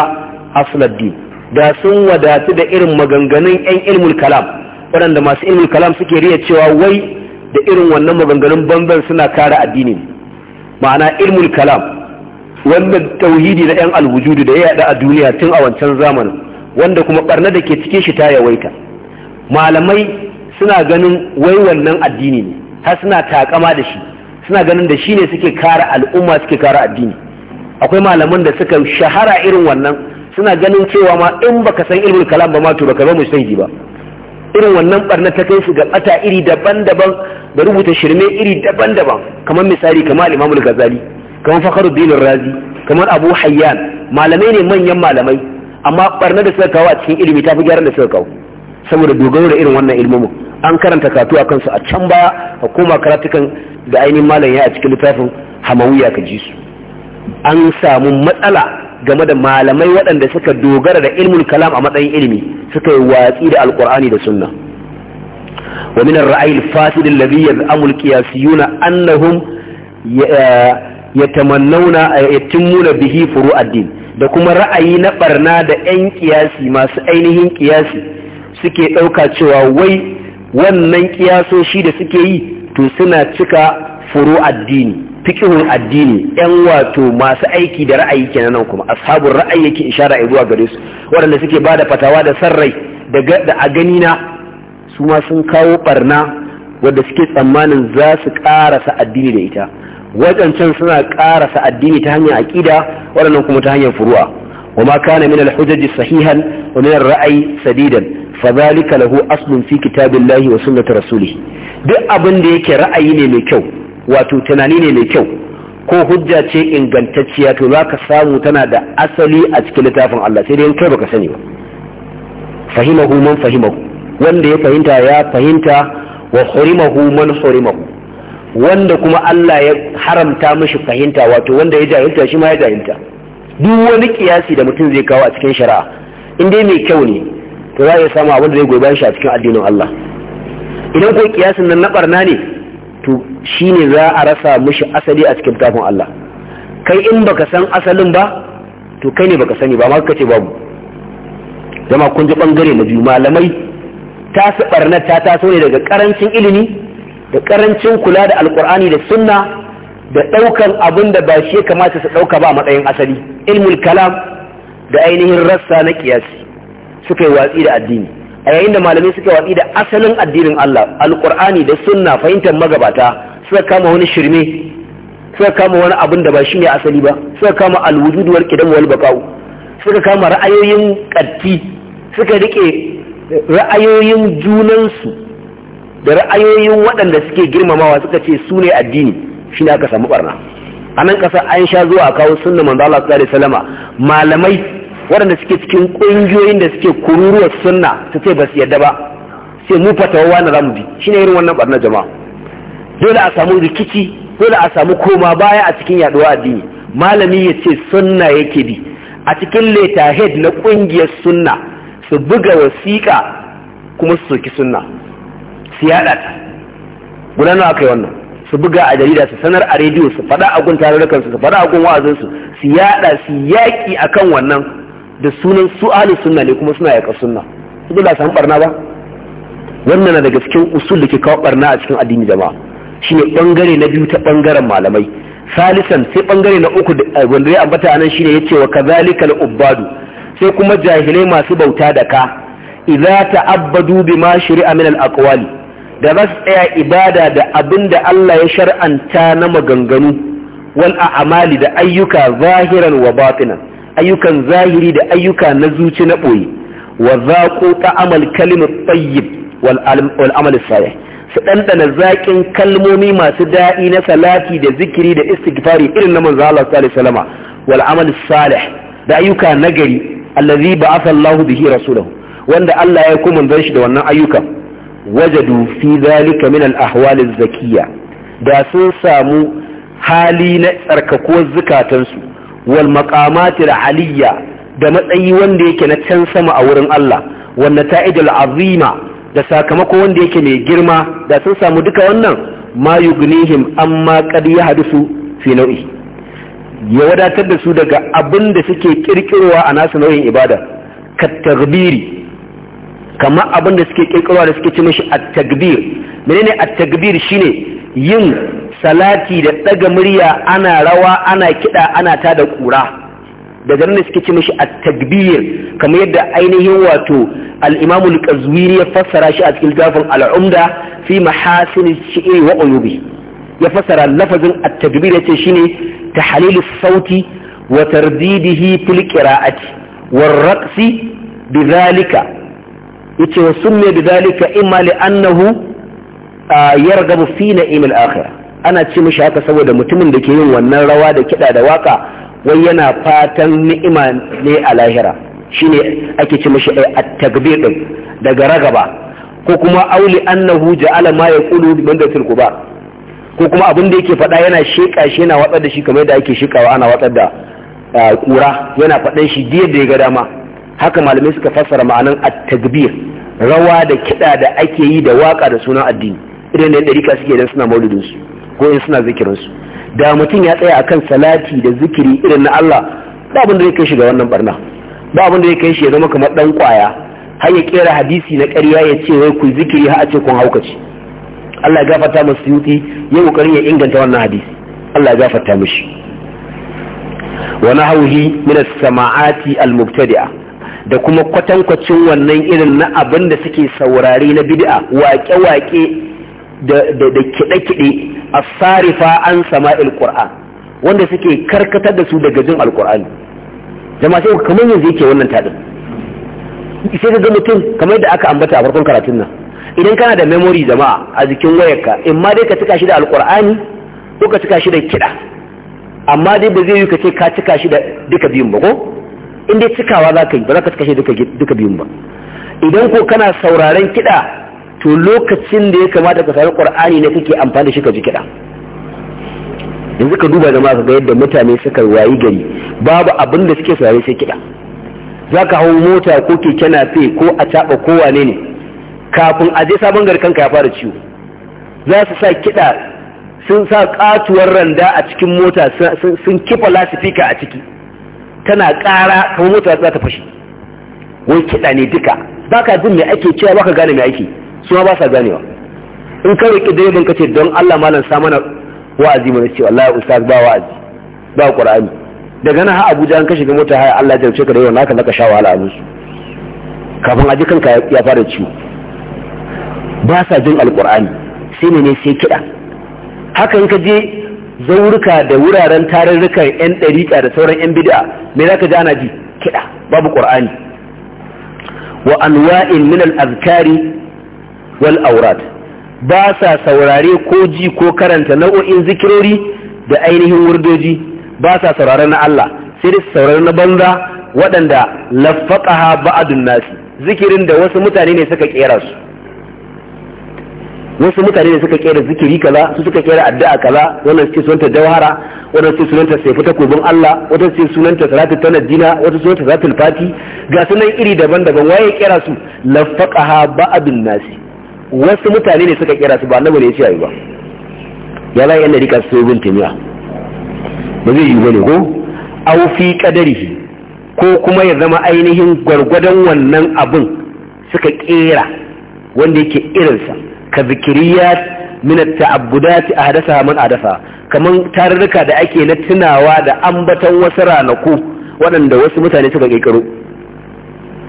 asl din da sun wadatu da irin maganganun yan ilmul kalam waɗanda masu ilmul kalam suke riya cewa wai da irin wannan maganganun banban suna kara addini ma'ana ilmul kalam wannan tauhidi na yan alwujudu da ya yada a duniya tun a wancan zamanin wanda kuma barna da ke cikin shi ta yawaita malamai suna ganin wai wannan addini ne har suna takama da shi suna ganin da shi ne suke kara al'umma suke kara addini akwai malaman da suka shahara irin wannan suna ganin cewa ma in baka san ilmul kalam ba ma to baka zama mujtahidi ba irin wannan barna ta kai su ga bata iri daban-daban da rubuta shirme iri daban-daban kamar misali kamar imamul ghazali kamar fakhruddin razi kamar abu hayyan malamai ne manyan malamai amma barna da suka kawo a cikin ilimi tafi gyaran da suka kawo saboda dogaro da irin wannan ilmumin an karanta katu a kansu a can ba a koma karatukan da ainihin malam ya a cikin littafin hamawiya ka ji su an samu matsala game da malamai waɗanda suka dogara da ilmul kalam a matsayin ilimi suka yi watsi da alkur'ani da sunna wa min ra'ayil rayi al-fasid qiyasiyuna annahum yatamannawna muna bihi furu addini, da kuma ra'ayi na barna da ƴan kiyasi masu ainihin kiyasi suke ɗauka cewa wai wannan kiyasoshi da suke yi to suna cika furu addini fikihun addini ƴan wato masu aiki da ra'ayi kenan nan kuma ashabun ra'ayi yake ishara zuwa gare su waɗanda suke ba da fatawa da sarrai da a gani na su ma sun kawo barna wadda suke tsammanin za su ƙarasa addini da ita waɗancan suna ƙarasa addini ta hanyar aƙida waɗannan kuma ta hanyar furu'a wa ma kana min al-hujaj sahihan wa min ar sadidan fa dhalika lahu aslun fi kitabillahi wa sunnati rasulih duk abin da yake ra'ayi ne mai kyau wato tunani ne mai kyau ko hujja ce ingantacciya to zaka samu tana da asali a cikin littafin Allah sai dai kai baka sani ba fahimahu man fahimahu wanda ya fahimta ya fahimta wa hurimahu man hurimahu wanda kuma Allah ya haramta mashi fahimta wato wanda ya jahilta shi ma ya jahilta duk wani kiyasi da mutum zai kawo a cikin shari'a in dai mai kyau ne to za ya samu abin da zai goyi shi a cikin addinin Allah idan ko kiyasin nan na barna ne to shine za a rasa mashi asali a cikin tafin Allah kai in baka san asalin ba to kai ne baka sani ba ma kace babu zama kun ji bangare na biyu malamai ta su barna ta taso ne daga karancin ilimi da karancin kula da alkur'ani da sunna da daukan abin da ba shi kamata su ɗauka ba a matsayin asali ilmul kalam da ainihin rassa na kiyasi suka yi watsi da addini a yayin da malamai suka yi watsi da asalin addinin Allah alkur'ani da sunna fahimtar magabata suka kama wani shirme suka kama wani abin da ba shi ne asali ba suka kama alwujudu wal kidam wal baqa'u suka kama ra'ayoyin qatti suka rike ra'ayoyin junansu da ra'ayoyin waɗanda suke girmamawa suka ce su ne addini shi ne aka samu barna a nan ƙasa an sha zuwa kawo sunna manzo Allah sallallahu alaihi wasallama malamai waɗanda suke cikin ƙungiyoyin da suke kururuwar sunna su ce ba su yadda ba sai mu fatawa na zamu bi ne irin wannan barna jama'a dole a samu rikici dole a samu koma baya a cikin yaduwa addini malami ya ce sunna yake bi a cikin leta head na ƙungiyar sunna su buga wasiƙa kuma su soki sunna su yada ta guda nawa kai wannan su buga a jarida su sanar a rediyo su faɗa a gun tarurrukan su faɗa a gun wa'azin su su yada su yaki akan wannan da sunan su ahlus sunna ne kuma suna yaka sunna su ba hanɓar barna ba wannan na daga cikin usul da ke kawo barna a cikin addini jama'a shine bangare na biyu ta bangaren malamai salisan sai bangare na uku da eh, wanda ya ambata anan shine ce wa kazalikal ubbadu sai kuma jahilai masu bauta da ka idza ta'abbadu bima shari'a min al-aqwali da za tsaya ibada da abin da Allah ya shar'anta na maganganu wal a'amali da ayyuka zahiran wa batinan ayyukan zahiri da ayyuka na zuci na boye wa zaqu ta'amal kalimat tayyib wal amal salih su ɗanɗana zaƙin kalmomi masu daɗi na salati da zikiri da istighfari irin na manzo Allah sallallahu alaihi wasallam wal amal salih da ayyuka nagari allazi ba'atha Allah bihi rasulahu wanda Allah ya kuma manzon shi da wannan ayyukan wajadu fi zalika min al-ahwal az-zakiyya da sun samu hali na tsarkakuwar zukatansu wal maqamatil aliyya da matsayi wanda yake na can sama a wurin Allah wan nata'ijul azima da sakamako wanda yake mai girma da sun samu duka wannan ma yugnihim amma qad yahdusu fi nau'i ya wadatar da su daga abin da suke kirkirowa a nasu nau'in ibada ka tarbiri kamar abin da suke kirkirwa da suke ci mashi a takbir menene at-takbir shine yin salati da daga murya ana rawa ana kida ana ta da kura daga nan suke ci mashi a takbir kamar yadda ainihin wato al-Imam al-Qazwini ya fassara shi a cikin littafin al-Umda fi mahasin shi'i wa ya fassara lafazin at-takbir yace shine tahlil sauti wa tardidihi fil qira'ati war raqsi bidhalika yace wa sunne bi dalika imma li annahu yargabu fi al akhirah ana ce mishi haka saboda mutumin da ke yin wannan rawa da kida da waka wai yana fatan ni'ima ne a lahira shine ake ce mishi eh, at-takbir din daga ragaba ko kuma auli annahu ja'ala ma yaqulu da mandatil ba ko kuma abin da yake faɗa yana sheka shi yana watsar da shi kamar yadda ake shekawa ana watsar da kura yana faɗan shi diyar da ya ga dama haka malamai suka fassara ma'anan at-takbir rawa da kiɗa da ake yi da waka da sunan addini irin da ɗarika suke idan suna maulidin su ko in suna zikirin su da mutum ya tsaya akan salati da zikiri irin na Allah ba abin da zai kai shi ga wannan barna ba abin da zai kai shi ya zama kamar dan kwaya har ya kera hadisi na ƙarya ya ce wai ku zikiri har a ce kun haukaci Allah ya gafarta masu yuti ya kokarin ya inganta wannan hadisi Allah ya gafarta mishi wa nahawhi min as-sama'ati al-mubtadi'a da kuma kwatankwacin wannan irin na abin da suke saurari na bid'a waƙe-waƙe da kiɗe-kiɗe a sarifa an sama'il ƙur'an wanda suke karkatar da su daga jin alƙur'ani jama'a sai kamar yanzu yake wannan taɗin sai ka ga mutum kamar da aka ambata a farkon karatun nan idan kana da memory jama'a a jikin wayarka in ma dai ka cika shi da alƙur'ani ko ka cika shi da kiɗa amma dai ba zai yi ka ce ka cika shi da duka biyun ba ko in dai cikawa za ka yi ba za ka kashe duka biyun ba idan ko kana sauraren kiɗa to lokacin da ya kamata ka sami ƙwar'ani na kake amfani da shi ka ji kiɗa yanzu ka duba zama ka ga yadda mutane suka wayi gari babu abin da suke saurare sai kiɗa za ka hau mota ko keke fe ko a taɓa ko wane ne kafin a je sabon gari kanka ya fara ciwo za su sa kiɗa sun sa ƙatuwar randa a cikin mota sun kifa lasifika a ciki tana ƙara kamar mota za ta fashi wai kiɗa ne duka ba ka jin mai ake cewa ba ka gane mai ake su ma ba sa ganewa in ka roƙi da ka ce don Allah malam sa mana wa'azi mana cewa Allah ustaz ba wa'azi ba Qur'ani daga nan har Abuja an kashe ga mota haya Allah ya jarce ka da yawa naka naka sha wahala a musu kafin aji kanka ya fara ciwo ba sa jin alƙur'ani sai ne sai kiɗa haka in ka je zaurika da wuraren tarurrukan 'yan ɗariƙa da sauran 'yan bid'a me za ka ji ana ji kiɗa babu ƙur'ani wa anwa'in min al-azkari wal aurat ba sa saurare ko ji ko karanta nau'o'in zikirori da ainihin wurdoji ba sa saurare na Allah sai da saurare na banza waɗanda lafaqaha ba'dun nasi zikirin da wasu mutane ne suka kera su wasu mutane ne suka kera zikiri kaza su suka kera addu'a kaza wannan suke sunanta dawhara wannan suke sunanta sai fita kubun Allah wata suke sunanta salatu tanadina wata sunanta salatul fati ga sunan iri daban-daban waye kera su lafaqaha ba'dun nasi wasu mutane ne suka kera su ba annabi ne ya ce ba ya la yana rika su bin timiya ba zai yi bane ko aw fi qadarihi ko kuma ya zama ainihin gwargwadon wannan abin suka kera wanda yake irinsa ka ta a hadasa ahdatha a ahdatha kamar tarurruka da ake na tunawa da ambaton wasu ranaku waɗanda wasu mutane suka kekaro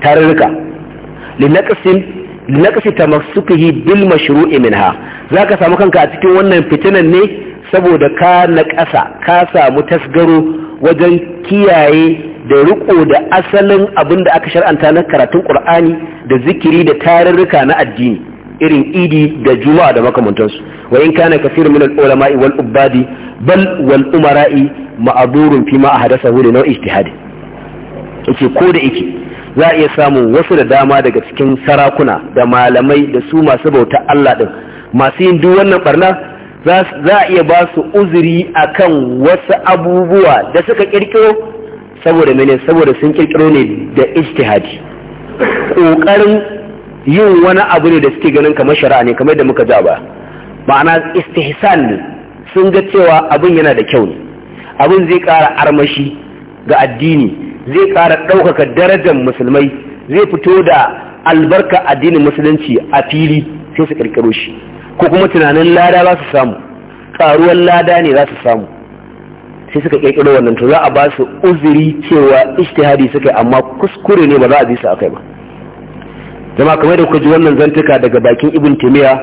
tarurruka linaqsin linaqsi tamassukihi bil mashru'i Za zaka samu kanka a cikin wannan fitinan ne saboda ka naƙasa ka samu tasgaro wajen kiyaye da riko da asalin abin da aka shar'anta na karatun Ƙur'ani da zikiri da tarurruka na addini irin idi da juma'a da makamantansu wa in kana kathirun min al-ulama'i wal ubadi bal wal umara'i ma'adurun fi ma ahdathahu hu naw'i ijtihadi yace ko da yake za a iya samun wasu da dama daga cikin sarakuna da malamai da su masu bauta Allah din masu yin duk wannan barna za a iya ba su uzuri akan wasu abubuwa da suka kirkiro saboda mene saboda sun kirkiro ne da ijtihadi ƙoƙarin yin wani abu ne da suke ganin kamar shari'a ne kamar da muka ja ba ma'ana istihsan ne sun ga cewa abin yana da kyau ne abin zai ƙara armashi ga addini zai ƙara ɗaukaka darajar musulmai zai fito da albarka addinin musulunci a fili sai su ƙirƙiro shi ko kuma tunanin lada za su samu ƙaruwar lada ne za su samu sai suka ƙirƙiro wannan to za a ba su uzuri cewa ishtihadi suka amma kuskure ne ba za a bi su akai ba jama kamar da kuka ji wannan zantuka daga bakin ibn timiya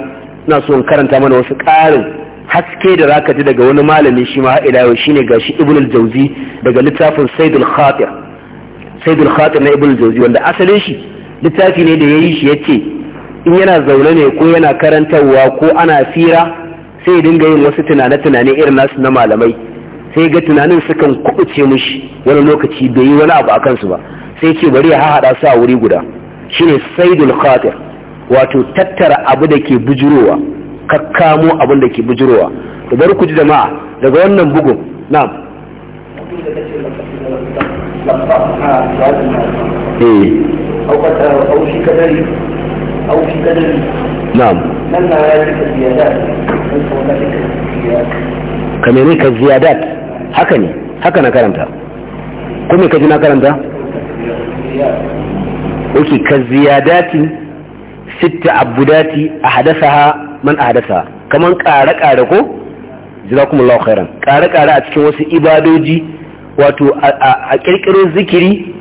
ina so karanta mana wasu ƙarin haske da zaka ji daga wani malami shi ma ila yau shine gashi ibn al-jawzi daga littafin saidul khatir na ibn al wanda asalin shi littafi ne da yayi shi yace in yana zaune ne ko yana karantarwa ko ana fira sai dinga yin wasu tunane-tunane irin nasu na malamai sai ga tunanin sukan kubuce mushi wani lokaci bai yi wani abu a kansu ba sai ce bari ya haɗa su a wuri guda shine saidul khatir wato tattara abu da ke bujurowa kakkamo abin da ke bujurowa da bari ku ji jama'a daga wannan bugun na'am eh aushi kadari aushi kadari na'am nan na ya ji ziyadat kamar ka ziyadat haka ne haka na karanta kuma ka ji na karanta yake ka ziyadati sitta abudati a hadasaha man a hadasa kamar ƙare-ƙare ko kuma khairan ƙare-ƙare a cikin wasu ibadoji wato a ƙirƙirin zikiri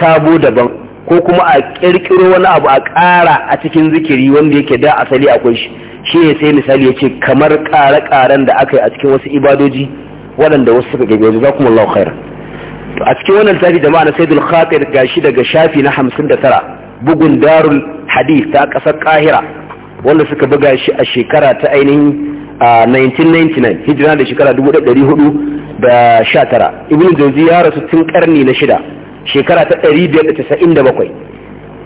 sabo daban ko kuma a ƙirƙiro wani abu a ƙara a cikin zikiri wanda yake da asali akwai shi shi ne sai misali ya ce kamar ƙare-ƙaren da aka yi a cikin wasu ibadoji waɗanda wasu suka za kuma khairan to a cikin wannan littafi jama'a na saidul khatir gashi daga shafi na 59 bugun darul hadith ta kasar kahira wanda suka buga shi a shekara ta ainihin 1999 hijira da shekara 1419 ibn jauzi ya rasu tun karni na shida shekara ta 597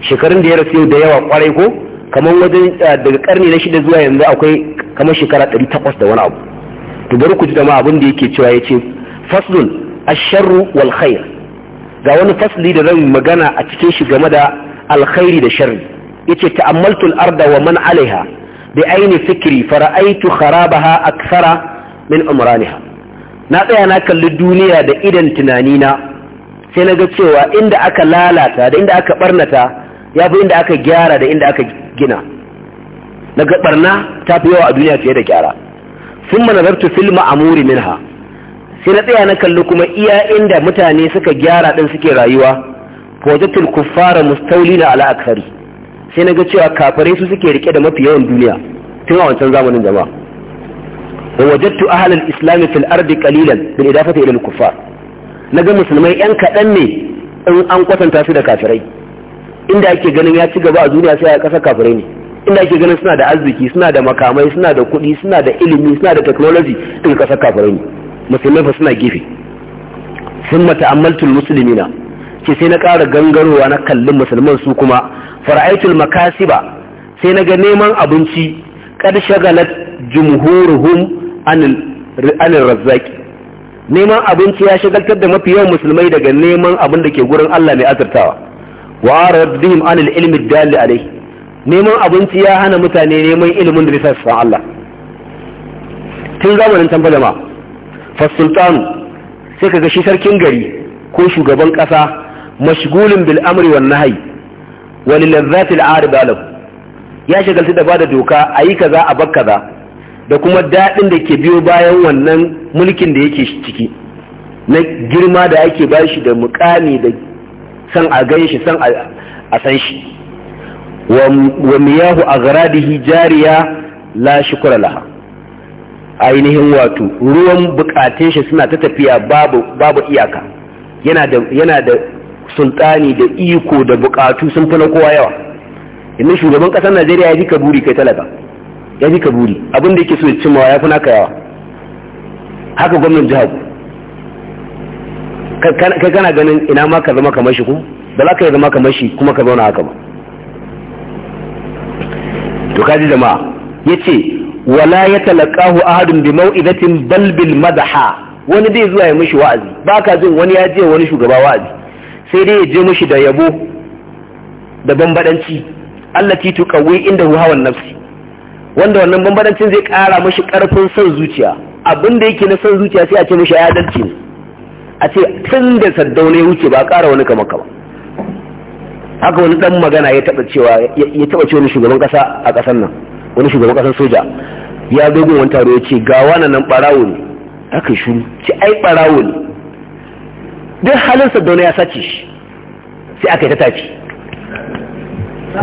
shekarun da ya rasu da yawa kwarai ko kamar wajen daga karni na shida zuwa yanzu akwai kamar shekara 800 da wani abu to bari ku ji da ma abin da yake cewa yace faslun asharru wal khair ga wani fasli da zan magana a cikin shi game da alkhairi da sharri yace ta'ammaltu al-arda wa man 'alayha bi aini fikri fara'aytu kharabaha akthara min umraniha na tsaya na kalli duniya da idan na sai na ga cewa inda aka lalata da inda aka barnata yafi inda aka gyara da inda aka gina na ga barna ta fi yawa a duniya fiye da gyara sun manazartu fil ma'amuri minha sai na tsaya na kalli kuma iya inda mutane suka gyara din suke rayuwa fawajatul kuffara mustauli na al'akari sai na ga cewa kafare su suke rike da mafi yawan duniya tun a wancan zamanin jama'a wa wajadtu ahlal islam fil ardi qalilan bil idafati ila al kuffar ga musulmai yan kaɗan ne in an kwatanta su da kafirai inda ake ganin ya ci gaba a duniya sai a kasa kafirai ne inda ake ganin suna da arziki suna da makamai suna da kuɗi suna da ilimi suna da technology in kasa kafirai ne musulmai fa suna gefe sun mata'ammaltul muslimina ce sai na ƙara gangarowa na kallon musulman su kuma fara'aitul makasiba sai na ga neman abinci kad shagalat jumhuruhum anil razzaki. razzaqi neman abinci ya shagaltar da mafi yawan musulmai daga neman abin da ke gurin Allah mai azurtawa wa rabbihim anil ilmi dalil alai neman abinci ya hana mutane neman ilimin da bisa sa Allah tun zamanin tan jama'a fasultanu sai kaga shi sarkin gari ko shugaban ƙasa mashgulin bil amri wan nahyi wal ladhati al lahu ya shagalti da bada doka a yi kaza a bar kaza da kuma daɗin da ke biyo bayan wannan mulkin da yake ciki na girma da ake bashi da mukami da san a gan shi san a san shi wa miyahu agradihi jariya la shukura laha ainihin wato ruwan bukatun shi suna ta tafiya babu babu iyaka yana da yana da sultani da iko da bukatu sun fi na kowa yawa inda shugaban kasar Najeriya ya ji ka buri kai talaka ya ji ka buri abin da yake so ya cimawa ya fi naka yawa haka gwamnan jihar kai kana ganin ina ma ka zama kamar shi ko ba za ka yi zama kamar shi kuma ka zauna haka ba to ji jama'a ya ce wala ya talaqahu ahadun bi mau'izatin bal bil madha wani dai zuwa ya mishi wa'azi baka jin wani ya je wani shugaba wa'azi sai dai ya je mishi da yabo da bambadanci Allah allati tuqawi indahu hawan nafsi wanda wannan bambadancin zai kara mishi karfin son zuciya abinda yake na son zuciya sai a ce mishi adalci ne a ce tun da saddaune wuce ba kara wani kama kama haka wani dan magana ya taba cewa ya taba cewa shugaban kasa a kasan nan wani shugaban kasar soja ya dogon wani taro ya ce ga wani nan barawo ne aka shuru ce ai barawo ne duk halin dauna ya sace shi sai aka yi ta tafi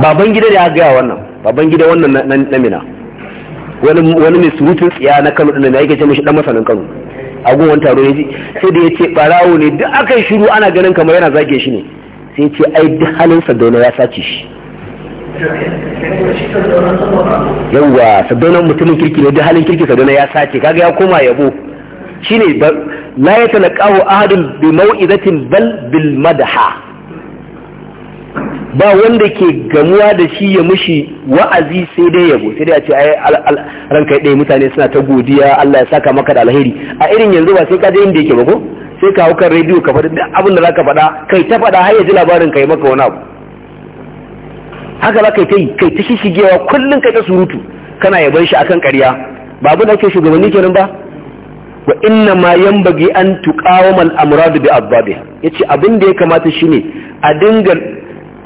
baban gida da ya gaya wannan baban gida wannan na namina wani mai surutun tsiya na kano ɗin da ya ce mashi ɗan masanin kano a gun wani taro ya ji sai da ya ce barawo ne duk aka yi shuru ana ganin kamar yana zage shi ne sai ce ai duk halin dauna ya sace shi yawwa sadona mutumin kirki ne duk halin kirki sadona ya sace kaga ya koma yabo shine la ya talaqahu ahadun bi mau'izatin bal bil madha ba wanda ke gamuwa da shi ya mushi wa'azi sai dai yabo sai dai a ce ai ranka dai mutane suna ta godiya Allah ya saka maka da alheri a irin yanzu ba sai ka je inda yake ba ko sai ka hau kan rediyo ka faɗi abin da zaka faɗa kai ta faɗa har ya ji labarin kai maka wani abu haka za ta kai kai ta shigewa kullum kai ta surutu kana bar shi akan ƙarya ba abin da ake shugabanni kenan ba wa inna ma bagi an tuqawama mal amuradu bi Ya ce abin da ya kamata shi ne, a dinga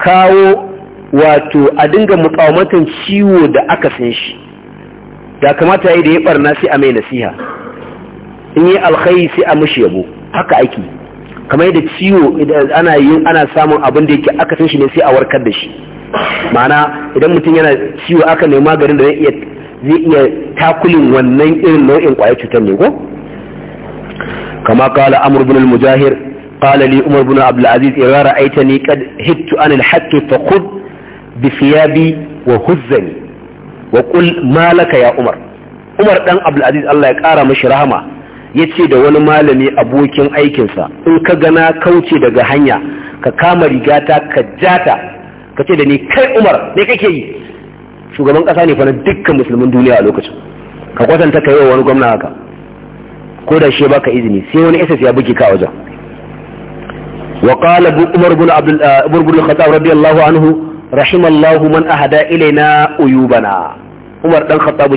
kawo wato a dinga muqawamatan ciwo da aka san shi da kamata yi da ya barna sai a mai nasiha in yi alkhairi sai a mishi yabo haka aiki kamar yadda ciwo ana yin ana samun abin da yake aka san shi ne sai a warkar da shi ma'ana idan mutum yana ciwo aka ne maganin da zai iya takulin wannan irin nau'in kwayar cutar ne ko kama kala amur ibn al-mujahir kala li umar bin Abdulaziz ya aziz idza ra'aytani hittu an al-haqq fa bi thiyabi wa huzzani wa qul ma ya umar umar dan Abdulaziz Allah ya kara mishi rahama ya ce da wani malami abokin aikinsa in ka gana kauce daga hanya ka kama rigata ka jata ka ce da ni kai umar me kake yi shugaban kasa ne fana dukkan musulmin duniya a lokacin ka kwatanta ka yi wani gwamna haka ko da shi baka izini sai wani ss ya buke ka a wajen وقال عمر بن عبد عمر بن الخطاب رضي الله عنه رحم الله من اهدى الينا عيوبنا عمر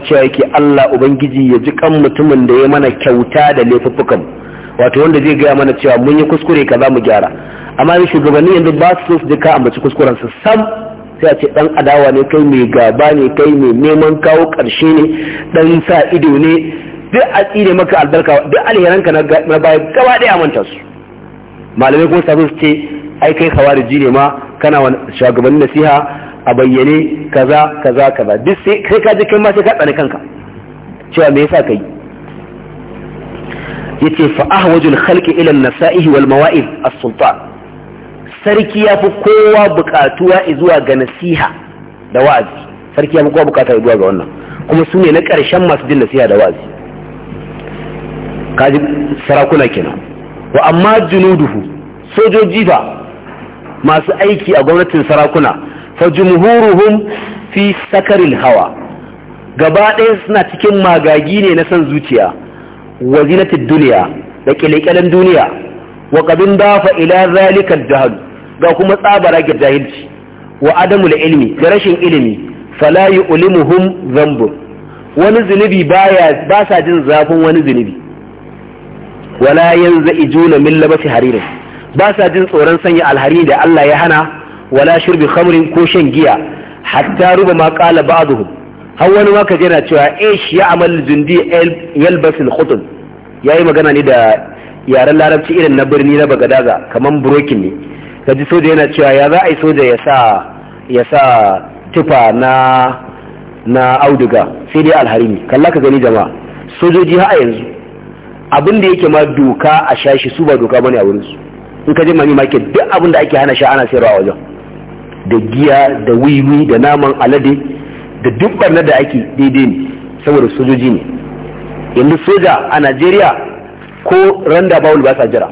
cewa yake Allah ubangiji ya ji kan mutumin da ya mana kyauta da laifukan wato wanda zai gaya mana cewa mun yi kuskure kaza mu gyara amma yin shugabanni yanzu ba su su duka ambaci kuskuren su sam sai a ce dan adawa ne kai mai gaba ne kai mai neman kawo karshe ne dan sa ido ne duk a tsire maka albarka duk ka na baya gaba daya manta su malamai kuma sabon su ce ai kai hawariji ne ma kana wa shugabanni nasiha a bayyane kaza kaza kaza duk sai kai ka je kai ma sai ka tsare kanka cewa me yasa kai yace fa ahwajul khalqi ila an-nasa'ihi wal mawa'iz as-sultan sarki ya fi kowa bukatuwa zuwa ga nasiha da wa'azi sarki ya fi kowa bukata zuwa ga wannan kuma su ne na ƙarshen masu jin nasiha da wa'azi kaji sarakuna kenan wa amma junuduhu sojoji ba masu aiki a gwamnatin sarakuna fa jumhuruhum fi sakaril hawa gaba ɗaya suna cikin magagi ne na san zuciya wa zinatin duniya da ƙyalƙyalan duniya wa ƙabin dafa ila zalikar jahal ga kuma tsabara ga jahilci wa la ilimi da rashin ilimi fala yu'limuhum dhanbun wani zunubi baya ba sa jin zafin wani zunubi wala ijuna min labasi haririn ba sa jin tsoron sanya alhari da Allah ya hana wala shurbi khamrin ko shan giya hatta ruba ma qala ba'dhum har wani ma kaje na cewa ish ya amal jundi yalbasul khutun yayi magana ne da yaren larabci irin na birni na bagadaga kaman Burokin ne ka ji soja yana cewa ya za a yi soja ya sa tufa na auduga sai dai alharimi kalla ka gani jama'a sojoji ha a yanzu abinda yake ma doka a shashi su ba doka bane a wurin su in ka je mani market duk abin da ake hana sha ana sayarwa a wajen da giya da wiwi da naman alade da duk barnar da ake daidai ne saboda sojoji ne yanzu soja a Najeriya ko randa bawul ba sa jira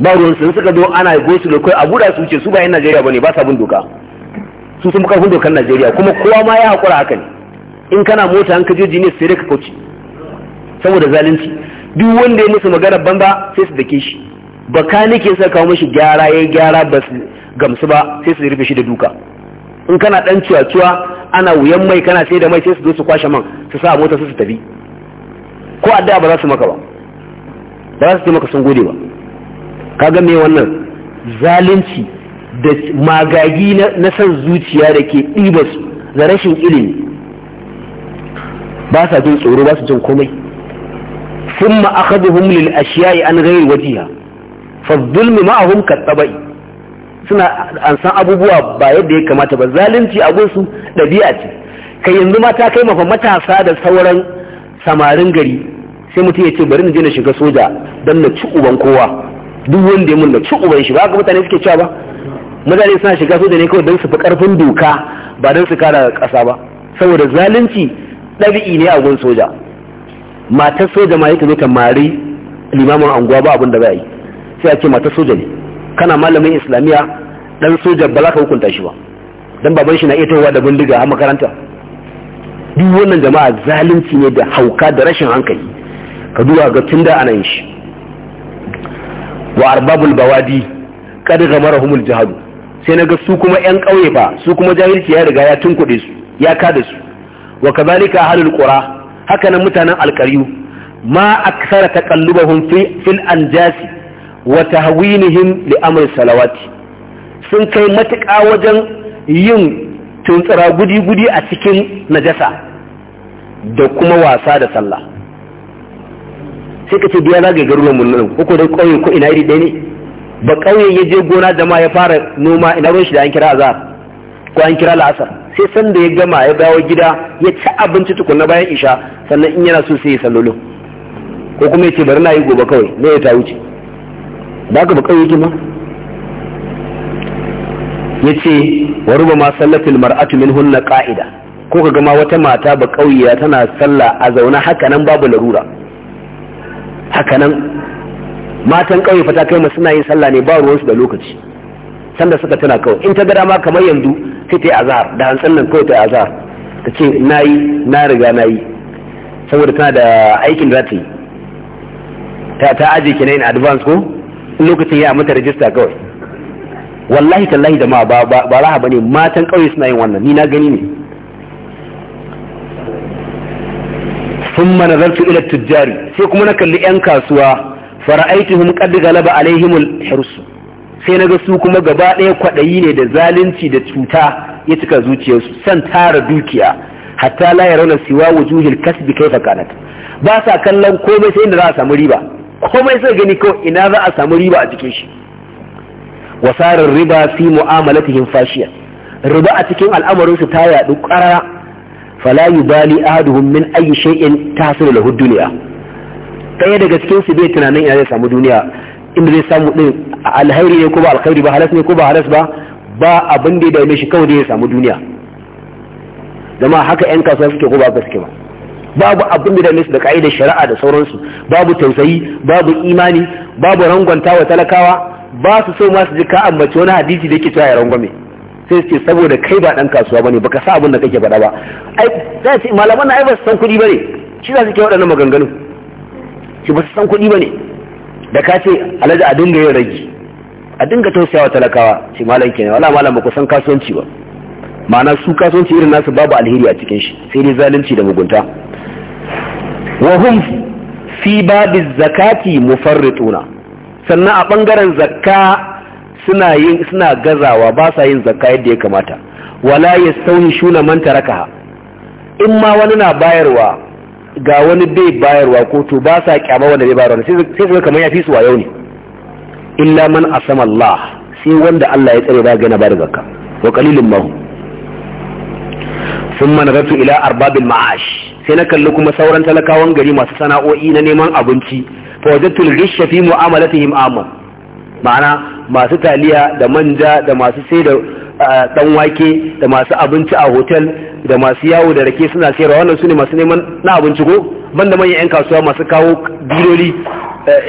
ba ruwan sun suka zo ana go su da kai a guda su ce su ba yan Najeriya bane ba sa bin doka su sun karfin dokar Najeriya kuma kowa ma ya hakura haka ne in kana mota an ka jini sai ka kauce saboda zalunci duk wanda ya musu magana banza sai su dake shi bakanike sai kawo mashi gyara yayi gyara ba su gamsu ba sai su rufe shi da duka in kana dan ciwa ana wuyan mai kana sai da mai sai su zo su kwashe man su sa mota su su tafi ko addu'a ba za su maka ba ba za su taimaka sun gode ba kaga me wannan zalunci da magagi na san zuciya da ke ɗibas da rashin ilimi ba sa jin tsoro ba su jin komai sun ma'akaduhum lil yi an gairi wajiya fa zulmi ma'ahum suna an san abubuwa ba yadda ya kamata ba zalunci a gunsu ɗabi'a ce kai yanzu ma ta kai mafa matasa da sauran samarin gari sai mutum ya ce bari na je na shiga soja don na ci uban kowa duk wanda ya munna su uban shi ba ga mutane suke cewa ba mutane suna shiga soja ne kawai don su fi karfin doka ba don su kara kasa ba saboda zalunci ɗabi'i ne a gun soja matar soja ma yake ta mari limamin anguwa ba abin da za a yi sai a ce matar soja ne kana malamin islamiyya dan soja ba za ka hukunta shi ba dan baban shi na iya tawa da bindiga a makaranta duk wannan jama'a zalunci ne da hauka da rashin hankali ka duba ga tunda ana yin shi wa arbabul bawadi kad humul jahad sai naga su kuma yan kauye fa su kuma jahilci ya riga ya tunkuɗe su ya kada su wa kadhalika ahlul qura haka nan mutanen alqariyu ma aksara taqallubahum fi fil anjasi wa tahwinihim li amr salawati sun kai matuƙa wajen yin tuntsira gudi-gudi a cikin najasa da kuma wasa da sallah sai ka ce biya za ga garuruwan mulmulan ko da ƙauye ko ina iri ɗaya ne ba ƙauye ya je gona da ma ya fara noma ina ruwan shi da an kira zahar ko an kira la'asar sai san da ya gama ya dawo gida ya ci abinci tukunna bayan isha sannan in yana so sai ya sallolin ko kuma ya ce bari na yi gobe kawai ne ya ta wuce da ka ba ƙauye ki ma ya ce wa ruba ma sallatil mar'atu min hunna ka'ida ko ka gama wata mata ba ƙauye tana sallah a zaune haka nan babu larura hakanan matan ƙauye fata kai mu suna yin sallah ne ba ruwansu da lokaci sanda suka tana kawai in ta ga dama kamar yanzu sai ta yi azahar da hantsan nan kawai ta yi azahar ta ce na yi na riga na yi saboda tana da aikin da ta yi ta aje ki na yin advance ko lokacin ya mata register kawai wallahi tallahi da ma ba ba raha bane matan ƙauye suna yin wannan ni na gani ne na nazartu ila tujjari sai kuma na kalli yan kasuwa fara'aituhum qad galaba alaihimul hirsu sai ga su kuma gaba ɗaya kwaɗayi ne da zalunci da cuta ya cika zuciyarsu san tara dukiya hatta la rauna siwa wujuhil kasbi kaifa kanat ba sa kallon komai sai inda za a samu riba komai sai gani ko ina za a samu riba a cikin shi wasarar riba fi mu'amalatihim fashiya riba a cikin al'amarin su ta yaɗu ƙarara fala yubali ahaduhum min ayi shay'in tahsilu lahu dunya ɗaya daga cikin su bai tunanin ina zai samu duniya inda zai samu din alkhairi ne ko ba alkhairi ba halas ne ko ba halas ba ba abin da ya dame shi kawai da ya samu duniya zama haka yan kasuwa suke ko ba a suke ba babu abin da ya dame su da ka'idar shari'a da sauransu babu tausayi babu imani babu rangwanta wa talakawa ba su so ma su ji ka ambaci wani hadisi da yake cewa ya rangwame sai ce saboda kai ba dan kasuwa bane baka sa abin da kake faɗa ba ai sai ce malaman na ai ba su san kuɗi bane shi za su ke waɗannan maganganu shi ba su san kuɗi bane da ka ce alaji a dinga yin ragi a dinga tausayawa talakawa shi malam kenan wala malam ba ku san kasuwanci ba ma'ana su kasuwanci irin nasu babu alheri a cikin shi sai dai zalunci da mugunta wa hum fi babi zakati mufarrituna sannan a bangaren zakka suna yin suna gazawa ba sa yin zakka yadda ya kamata wala yastawi shuna man tarakaha in ma wani na bayarwa ga wani bai bayarwa ko to ba sa kyama wanda bai bayarwa sai su kamar ya fi su a yau ne illa man asama Allah sai wanda Allah ya tsare ba ga na ba da zakka wa qalilun mahum sun manaratu ila arbabil ma'ash sai na kalli kuma sauran talakawan gari masu sana'o'i na neman abinci fa wajadtul ghishfa fi mu'amalatihim amal ma'ana masu taliya da manja da masu sai da dan wake da masu abinci a hotel da masu yawo da rake suna sayarwa wannan su ne masu neman na abinci ko banda manyan 'yan kasuwa masu kawo diloli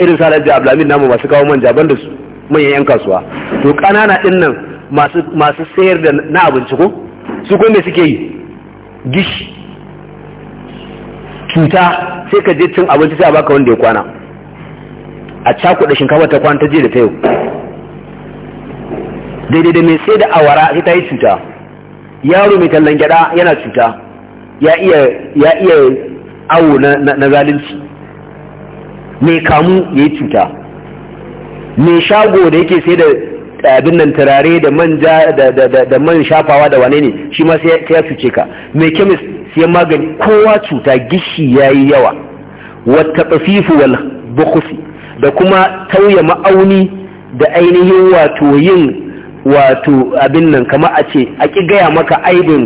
irin sa da ablamin namu masu kawo manja banda su manyan 'yan kasuwa to ƙanana din nan masu sayar da na abinci ko su kuma suke yi gish cuta sai ka je cin abinci sai a baka wanda ya kwana a cakuɗa shinkafa ta kwanta jiya da ta yau daidai da mai sai da awara sai ta yi cuta yaro mai tallan gyada yana cuta ya iya awo na zalunci mai kamu ya yi cuta mai shago da yake sai da eh, abin nan turare da manja da man shafawa da wane ne shi ma sai ya cuce ka mai kemis sai magani kowa cuta gishi ya yi yawa wata tsafifu wal bukusi da kuma tauye ma'auni da ainihin wato yin wato abin nan kama a ce a ƙi gaya maka aibin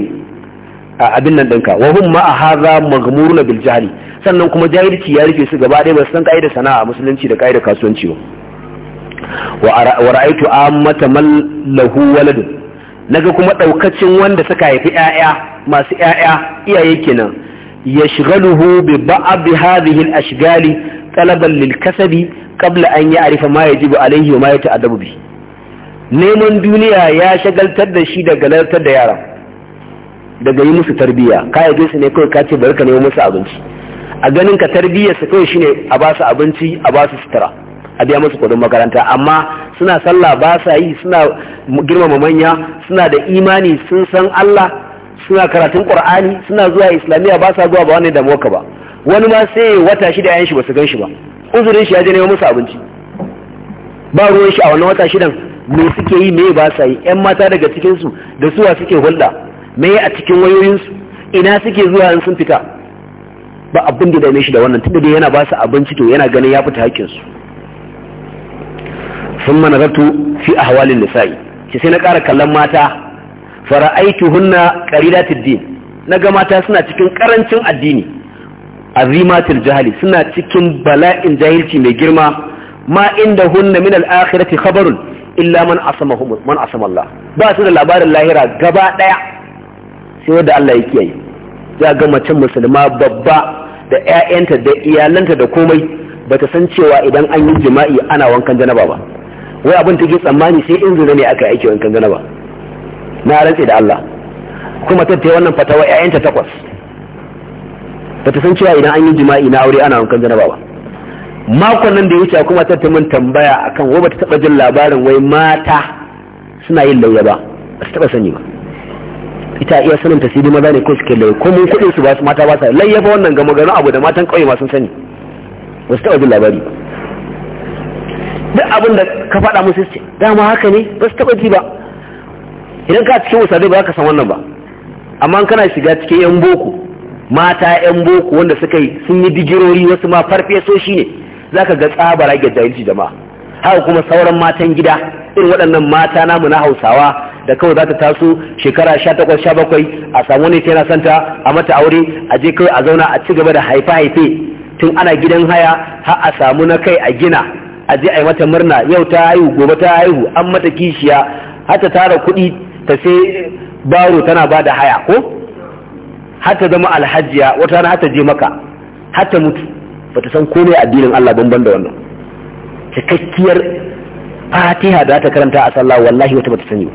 abin nan ɗinka wahun ma haza na biljali sannan kuma jahilci ya rufe su gaba ɗaya ba san ƙa'idar sana'a musulunci da ƙa'idar kasuwanci ba wa ra'aitu ammata man waladun naga kuma ɗaukacin wanda suka haifi ƴaƴa masu ƴaƴa iyaye kenan yashghaluhu bi ba'd hadhihi al-ashghali talaban lil kasabi qabla an ya'rifa ma yajibu alaihi wa ma yata'addabu bi neman duniya ya shagaltar da shi daga lartar da yara daga yi musu tarbiyya ka yaje su ne kawai ka ce barka ne musu abinci a ganin ka tarbiyyar su kawai shine a ba su abinci a ba su sutura a biya musu kudin makaranta amma suna sallah ba sa yi suna girmama manya suna da imani sun san Allah suna karatun Qur'ani suna zuwa islamiyya ba sa zuwa ba wani damuwa ba wani ma sai wata shida yayin shi basu gan shi ba uzurin shi ya je ne musu abinci ba ruwan shi a wannan wata shidan me suke yi me ba sa yi yan mata daga cikin da suwa suke hulɗa me a cikin wayoyin ina suke zuwa in sun fita ba abin da dame shi da wannan tunda dai yana ba su abinci to yana ganin ya fita hakkin su sun a fi ahwalin nisa'i ki sai na ƙara kallon mata fara hunna qalilatid na ga mata suna cikin ƙarancin addini azimatul jahali suna cikin bala'in jahilci mai girma ma inda hunna min al-akhirati khabarun illa man asamahum man asama Allah ba su da labarin lahira gaba daya sai wanda Allah ya kiyaye za ga mace musulma babba da ƴaƴanta da iyalanta da komai bata san cewa idan an yi jima'i ana wankan janaba ba wai abin take tsammani sai in zina ne aka yi aiki wankan janaba na rantse da Allah kuma tattai wannan fatawa ƴaƴanta takwas bata san cewa idan an yi jima'i na aure ana wankan janaba ba makon nan da ya wuce kuma ta mun tambaya akan wa bata taba jin labarin wai mata suna yin lauya ba ta taba sani ba ita iya sanin tasiri maza ne ko suke lauya ko mun kudin su ba su mata ba sa layyafa wannan ga maganin abu da matan kauye ma sun sani ba su taba jin labari duk abin da ka faɗa musu ce dama haka ne ba su taba ji ba idan ka cikin wasa dai ba ka san wannan ba amma kana shiga cikin yan boko mata yan boko wanda suka yi sun yi digirori wasu ma farfesoshi ne Za ka ga tsabara ga jahilci jama'a haka kuma sauran matan gida irin waɗannan mata namu na Hausawa da kawai za ta taso shekara sha takwas sha bakwai a samu wani tana yana santa a mata aure a je kawai a zauna a ci gaba da haife-haife tun ana gidan haya har a samu na kai a gina a je a yi mata murna yau ta haihu gobe ta haihu an mata kishiya har ta tara kuɗi ta sai baro tana ba da haya ko har ta zama alhajiya wata rana har ta je maka har ta mutu ba ta san komai addinin Allah banban da wannan cikakkiyar fatiha da ta karanta a sallah wallahi wata bata sani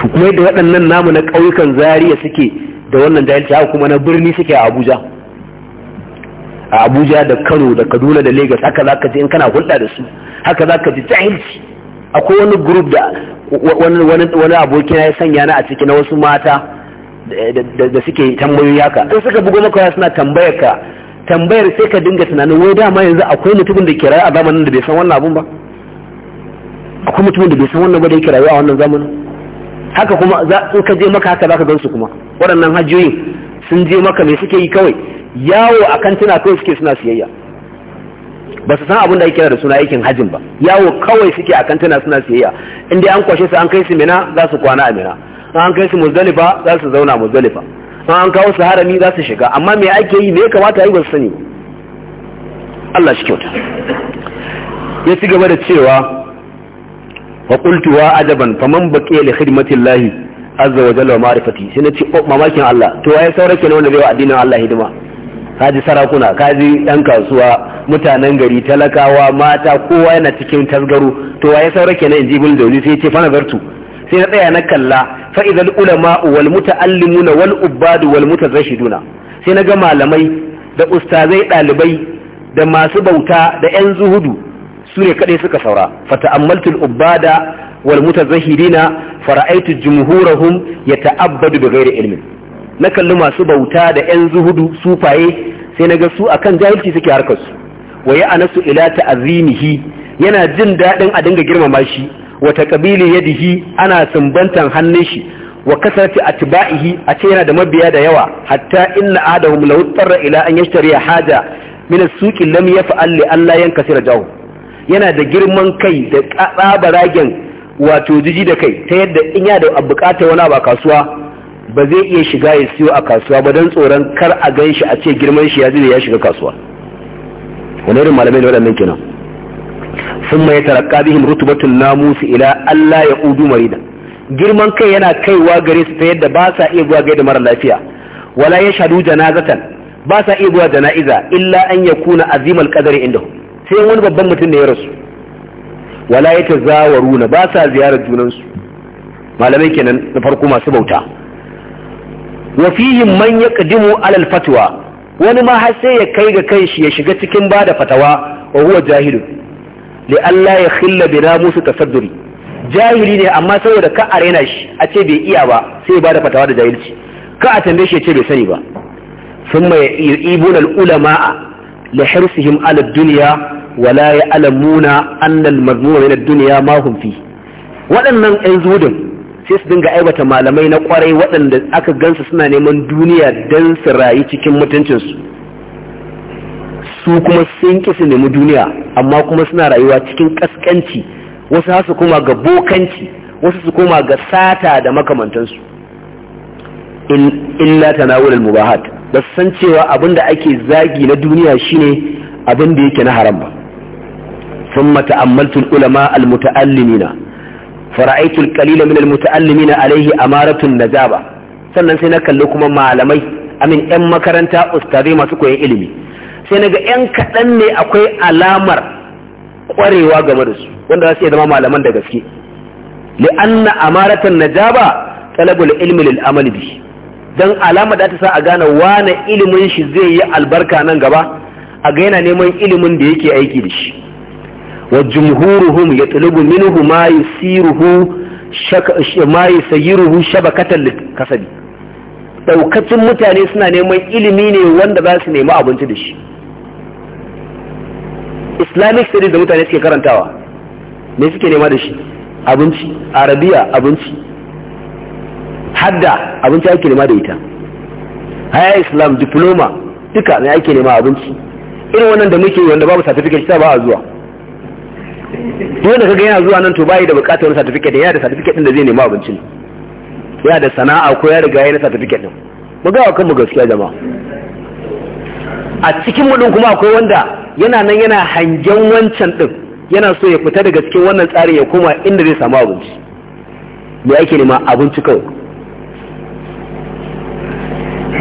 su kuma da waɗannan namu na ƙauyukan zariya suke da wannan jahilci haka kuma na birni suke a abuja a abuja da kano da kaduna da lagos haka za ka ji in kana hulɗa da su haka za ka ji jahilci akwai wani group da wani abokina ya sanya na a ciki na wasu mata da suke tambayoyi haka in suka bugo maka suna tambayar ka tambayar sai ka dinga tunanin wai dama yanzu akwai mutumin da ke rayu a zamanin da bai san wannan abun ba akwai mutumin da bai san wannan ba da yake rayu a wannan zamanin haka kuma in ka je maka haka zaka gansu kuma waɗannan hajjoyin sun je maka me suke yi kawai yawo a kantina kawai suke suna siyayya ba su san abin da ake da suna aikin hajjin ba yawo kawai suke a kantina suna siyayya inda an kwashe su an kai su mina za su kwana a mina an kai su muzdalifa za su zauna muzdalifa an kawo su harami za su shiga amma me ake yi me kamata yi ba su sani Allah shi kyauta ya ci gaba da cewa wa qultu wa ajaban faman baqiya li khidmati Allah azza wa jalla wa ma'rifati sai nace oh mamakin Allah to waye saura kenan wanda zai wa addinin Allah hidima kaji sarakuna kaji ɗan kasuwa mutanen gari talakawa mata kowa yana cikin tasgaro to waye saura kenan in ji dauli sai ya ce fa nazartu sai na tsaya na kalla fa idal ulama wal muta'allimuna wal ubbadu wal mutazashiduna sai na ga malamai da ustazai dalibai da masu bauta da yan zuhudu su ne kadai suka saura fa ta'ammaltu al ubbada wal mutazahidina fa ra'aytu jumhurahum yata'abbadu ghairi ilmin na kalli masu bauta da yan zuhudu sufaye sai na ga su akan jahilci suke harkar su wa anasu ila ta'azimihi yana jin dadin a dinga girmama shi Wata wa yadda yadihi ana sumbantan hannun shi wa kasarati atba'ihi a ce yana da mabiya da yawa hatta inna adahum law da ila an yashtari haja min as lam yaf'al li alla yankasira jawu yana da girman kai da baragen wato jiji da kai ta yadda in ya da bukatar wani ba kasuwa ba zai iya shiga ya siyo a kasuwa ba don tsoron kar a gan shi a ce girman shi ya zai ya shiga kasuwa wani irin malamai da waɗannan kenan sun mai tarakka bihim rutubatun namusu ila Allah ya udu marida girman kai yana kaiwa gare su ta yadda ba sa iya zuwa gaida mara lafiya wala ya shadu janazatan ba sa iya zuwa jana'iza illa an ya kuna azimal kadari inda sai wani babban mutum ne ya rasu wala ya tazawaruna ba sa ziyarar junansu malamai kenan na farko masu bauta wa fihim man yaqdimu alal fatwa wani ma har sai ya kai ga kai shi ya shiga cikin bada fatawa wa huwa jahilun li Allah ya khilla bi namusu tasadduri jahili ne amma saboda ka arena shi a ce bai iya ba sai ba da fatawa da jahilci ka a tambaye shi ya ce bai sani ba thumma yu'ibuna al-ulama li hirsihim ala ad-dunya wa la ya'lamuna anna al-madmuma min dunya ma hum fi waɗannan ƴan zudun sai su dinga aibata malamai na kwarai waɗanda aka gansu suna neman duniya don su rayu cikin mutuncinsu su kuma sun ki su nemi duniya amma kuma suna rayuwa cikin ƙasƙanci, wasu har su koma ga bokanci wasu su koma ga sata da makamantansu illa tanawul mubahat ba san cewa abinda ake zagi na duniya shine abin da yake na haram ba ثم تأملت العلماء المتألمين فرأيت القليل من المتألمين عليه أمارة النجابة sannan sai na kalli kuma malamai amin 'yan makaranta ustadai masu koyon ilimi sai na ga 'yan kaɗan ne akwai alamar ƙwarewa game da su wanda za su iya zama malaman da gaske li'anna amaratan najaba talabul ilmi lil amali bi dan alama da ta sa a gane wane ilimin shi zai yi albarka nan gaba a ga yana neman ilimin da yake aiki da shi wa jumhuruhum yatlubu minhu ma yusiruhu ma yusayiruhu shabakatan kasabi daukacin mutane suna neman ilimi ne wanda za su nemi abinci da shi islamic studies da mutane suke karantawa me suke nema da shi abinci arabiya abinci hadda abinci ake nema da ita haya islam diploma duka ne ake nema abinci irin wannan da muke wanda babu certificate ta ba a zuwa duk da kaga yana zuwa nan to bai da bukatar wani certificate yana da certificate din da zai nema abincin yana da sana'a ko ya riga yana certificate din mu ga wa kanmu gaskiya jama'a a cikin mu din kuma akwai wanda yana nan yana hangen wancan ɗin yana so ya fita daga cikin wannan tsarin ya koma inda zai samu abinci me ake nema abinci kawai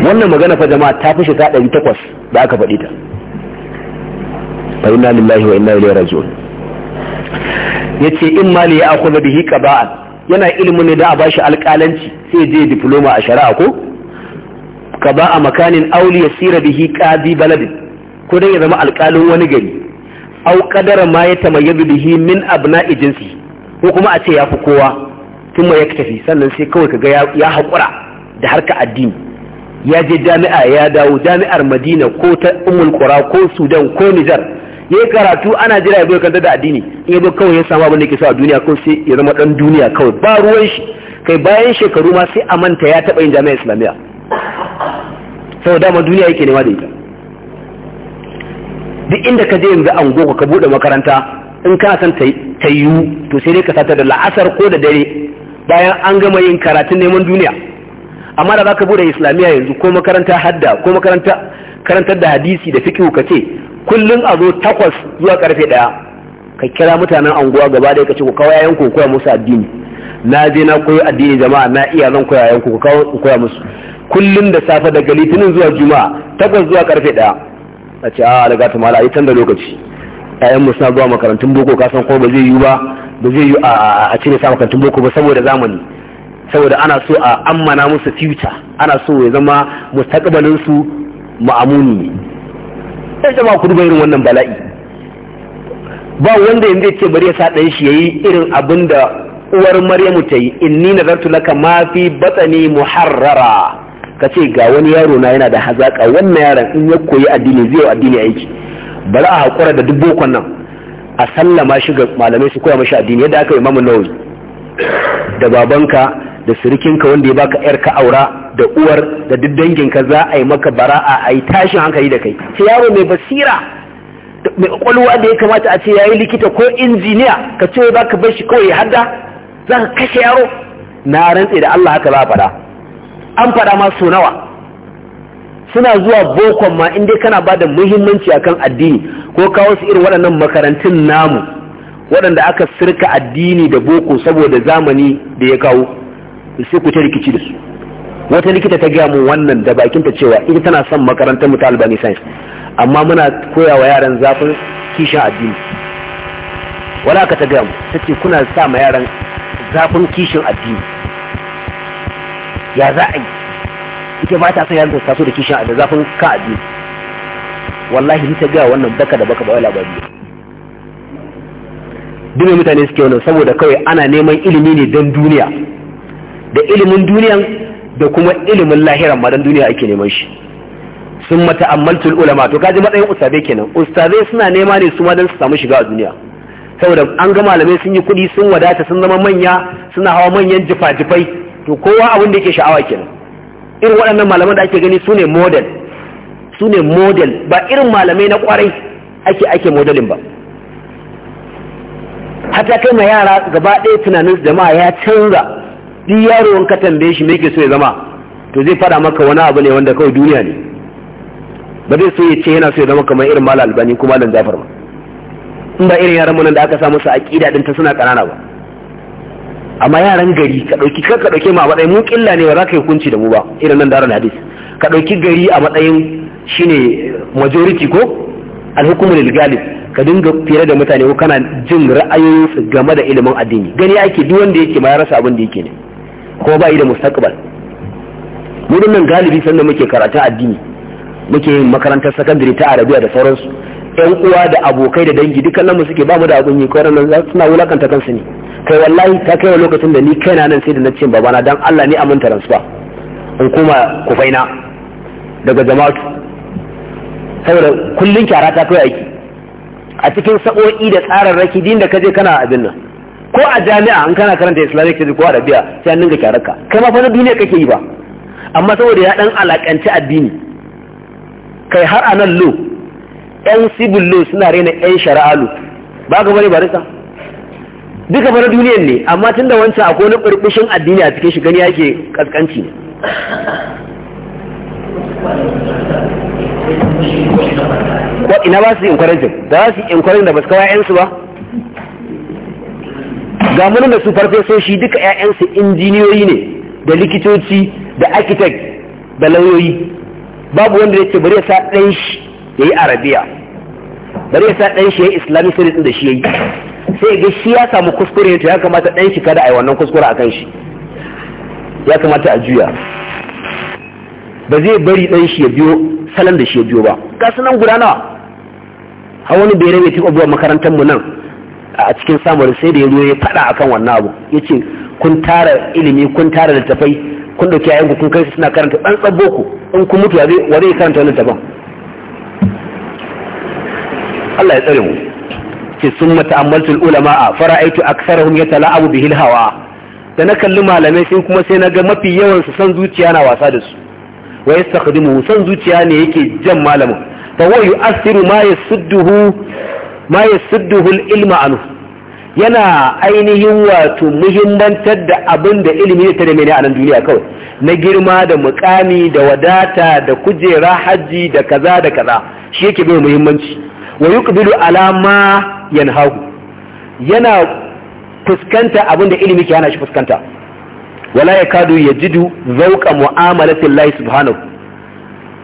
wannan magana fa jama'a ta fi ta ɗari takwas da aka faɗi ta fa inna lillahi wa inna ilaihi raji'un yace in mali ya akhudha bihi qaba'an yana ilimin ne da a bashi alƙalanci sai je diploma a shari'a ko qada'a makanin auli yasira bihi qadi baladin ko dan ya zama alƙalin wani gari aw qadara ma ya tamayyazu bihi min abna'i jinsi ko kuma a ce ya fi kowa tun ma ya tafi sannan sai kawai kaga ya haƙura da harka addini ya je jami'a ya dawo jami'ar madina ko ta Ummul qura ko sudan ko Niger. ya karatu ana jira ya bai da addini in ya zo kawai ya samu abin da ke so a duniya ko sai ya zama dan duniya kawai ba ruwan shi kai bayan shekaru ma sai a manta ya taɓa yin jami'a islamiyya saboda ma duniya yake nema da ita duk inda ka je yanzu ango ka bude makaranta in kana san ta yiwu to sai dai ka sata da la'asar ko da dare bayan an gama yin karatun neman duniya amma da ka bude islamiyya yanzu ko makaranta hadda ko makaranta karantar da hadisi da fiqh ka ce kullun a zo takwas zuwa karfe daya ka kira mutanen anguwa gaba da ka ce ku kawo yayan ku koya musu addini na je na koyi addini jama'a na iya zan koya yayan ku ku kawo koya musu kullun da safe daga litinin zuwa juma'a takwas zuwa karfe daya a ce a ah, daga ta mala ayi da lokaci Yayan mu suna zuwa makarantun boko ka san ko ba zai yi ba ba zai yi a cire sa makarantun boko ba saboda zamani saboda ana so a ammana musu future ana so ya zama mustaqbalin su ma'amuni ne sai jama'a ku duba irin wannan bala'i ba wanda yanzu ya ce bari ya sa ɗan shi yayi irin abin da uwar Maryamu ta yi inni nazartu laka ma fi batani muharrara ka ce ga wani yaro na yana da hazaƙa, wannan yaron in ya koyi addini zai addini aiki bari a haƙura da bokon nan a sallama shi ga malamai su koya mashi addini yadda aka yi mamun nawa da babanka da sirikinka wanda ya baka yar ka aura da uwar da duk danginka za a yi maka bara'a a yi tashin hankali da kai sai yaro mai basira mai kwakwalwa da ya kamata a ce ya yi likita ko injiniya ka ce za ka bar shi kawai hadda za ka kashe yaro na rantse da Allah haka za a faɗa an faɗa ma so nawa suna zuwa bokon ma inda kana ba da muhimmanci akan addini ko kawo su irin waɗannan makarantun namu waɗanda aka sirka addini da boko saboda zamani da ya kawo sai ku ta rikici da su wata likita ta gaya mu wannan da bakinta cewa ita tana son makarantar mu ta albani science amma muna koya wa yaran zafin kishin addini wala ka ta gaya mu ta kuna sa ma yaran zafin kishin addini ya za a yi ita ba ta son ta taso da kishin da zafin ka a biyu wallahi ta ga wannan baka da baka ba wai labari duk mutane suke wannan saboda kawai ana neman ilimi ne don duniya da ilimin duniyan da kuma ilimin lahiran ma don duniya ake neman shi sun mata'ammaltul ulama to kaji matsayin ustabe kenan ustabe suna nema ne su ma don su samu shiga a duniya saboda an ga malamai sun yi kuɗi sun wadata sun zama manya suna hawa manyan jifa-jifai to kowa abin da yake sha'awa kenan irin waɗannan malaman da ake gani su ne model su ne model ba irin malamai na ƙwarai ake ake modelin ba hata kai ma yara gaba ɗaya tunanin jama'a ya canza ɗi yaro ka tambaye shi me ke so ya zama to zai fara maka wani abu ne wanda kawai duniya ne ba zai so ya ce yana so ya zama kamar irin malam albani ko malam zafar ba in ba irin yaran mu nan da aka sa musu aƙida din ta suna ƙanana ba amma yaran gari ka dauki ka dauke ma matsayin mu killa ne ba za ka yi hukunci da mu ba irin nan darul hadis ka dauki gari a matsayin shine majority ko alhukumul galib ka dinga fira da mutane ko kana jin ra'ayoyinsu game da ilimin addini gani ake duk wanda yake ma ya rasa abin da yake ne ko ba da mustaqbal mu nan galibi sanda muke karatu addini muke yin makarantar sakandare ta arabiya da sauransu yan uwa da abokai da dangi dukkan nan mu suke ba mu da abin yi ko nan suna wulakanta kansu ne kai wallahi ta kai lokacin da ni kaina nan sai da na ce babana dan Allah ni amin ba in koma kufaina daga jama'atu saboda kullun kyara ta kai aiki a cikin sa'o'i da raki, din da kaje kana abin nan ko a jami'a an kana karanta islamic kaje ko arabiya sai an dinga kyararka kai ma fa na duniya kake yi ba amma saboda ya dan alakanci addini kai har anan lo yan sibullo suna rena yan shari'a lo ba ga bari barista duka fara duniyar ne amma tun da wancan akwai wani ɓurɓushin addini a cikin shi gani yake ƙasƙanci ne ko ina ba su encouraging da za su encouraging da ba su kawo ƴaƴansu ba ga munin da su farfeso shi duka ƴaƴansu injiniyoyi ne da likitoci da architect da lauyoyi babu wanda ya ce bari ya sa ɗan shi ya yi arabiya bari ya sa ɗan shi ya yi islamic studies da shi ya yi sai ga shi ya samu kuskure to ya kamata dan shi kada ai wannan kuskure akan shi ya kamata a juya ba zai bari dan shi ya biyo salon da shi ya biyo ba ga nan guda nawa a wani bai rabe tuka zuwa makarantar mu nan a cikin samun sai da ya zo ya faɗa akan wannan abu yace kun tara ilimi kun tara littafai kun dauki yayan kun kai su suna karanta tsabbo ku in kun mutu wa zai karanta wannan littafin Allah ya tsare mu ce summa ulama a fara'aitu aktharuhum yatala'abu bihil hawa da na kalli malamai sai kuma sai na ga mafi yawan su san zuciya na wasa da su wa yastakhdimu san zuciya ne yake jan malamin fa wa yu'athiru ma yasudduhu ma yasudduhu al-ilma anhu yana ainihin wato muhimmantar da abin da ilimi ya tare mene a nan duniya kawai na girma da mukami da wadata da kujera hajji da kaza da kaza shi yake bai muhimmanci wa yuqbilu alama yanhahu yana fuskanta abinda ilimi ke hana shi fuskanta wala ya yajidu zauka mu'amalati Allah subhanahu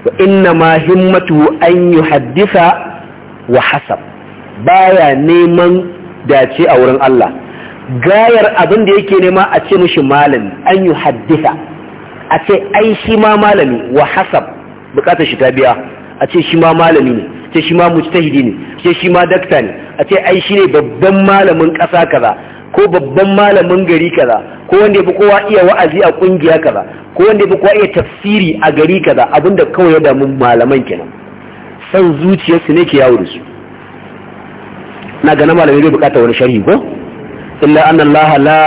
wa inna ma himmatu an yuhaddisa wa hasab baya neman dace a wurin Allah gayar abin da yake nema a ce mishi malami an yi haddisa a ce ai shi ma malami wa hasab bukatar shi ta biya a ce shi ma malami ne ce shi ma mujtahidi ne ce shi ma dakta ne a ce ai shi ne babban malamin ƙasa kaza ko babban malamin gari kaza ko wanda yafi kowa iya wa'azi a kungiya kaza ko wanda yafi kowa iya tafsiri a gari kaza abinda kawai ya damu malaman kenan san zuciyarsu ne ke yawo da su na ga na malamai zai bukata wani sharhi ko illa anna allaha la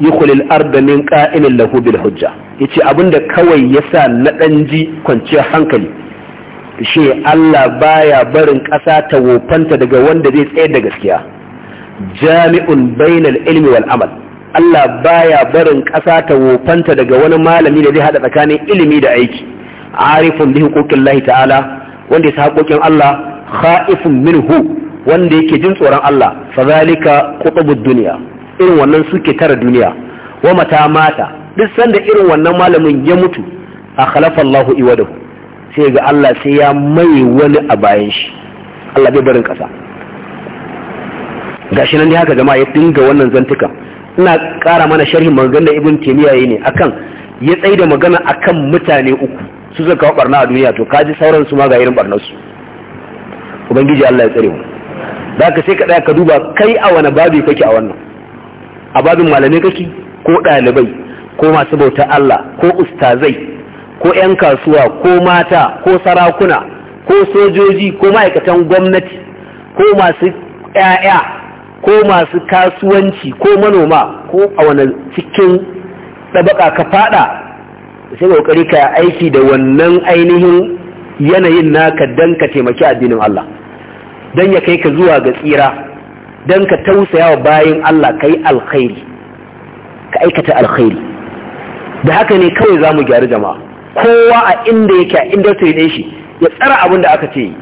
yukhli al-ard min qa'imin lahu bil hujja yace abinda kawai yasa na danji kwanciyar hankali she Allah baya barin ƙasa ta wofanta daga wanda zai tsaye da gaskiya jami'un bainal ilmi wal amal Allah baya barin ƙasa ta wofanta daga wani malami da zai hada tsakanin ilimi da aiki arifun bi huquqillahi ta'ala wanda ya haƙoƙin Allah kha'ifun minhu wanda yake jin tsoron Allah fa zalika qutubud dunya irin wannan suke tara duniya wa mata mata duk sanda irin wannan malamin ya mutu a khalafa Allahu iwadahu sai ga Allah sai ya mai wani a bayan shi Allah bai barin kasa gashi nan dai haka jama'a ya dinga wannan zantuka ina ƙara mana sharhin maganar ibn taymiya yayi ne akan ya tsaye da magana akan mutane uku su suka kawo barna a duniya to kaji sauran su ma ga irin barnar su ubangiji Allah ya tsare mu da ka sai ka tsaya ka duba kai a wani babi kake a wannan a babin malamai kake ko ɗalibai ko masu bauta Allah ko ustazai ko 'yan kasuwa ko mata ko sarakuna ko sojoji ko ma'aikatan gwamnati ko masu 'ya'ya ko masu kasuwanci ko manoma ko a wani cikin ɗabaka ka fada sai ƙoƙari ka aiki da wannan ainihin yanayin naka don ka taimaki addinin Allah don ya kai ka zuwa ga tsira don ka tausaya wa bayan Allah ka yi alkhairi ka aikata alkhairi da haka ne kawai za mu gyaru jama'a kowa a inda yake a industry ne shi ya tsara abin da aka ce yi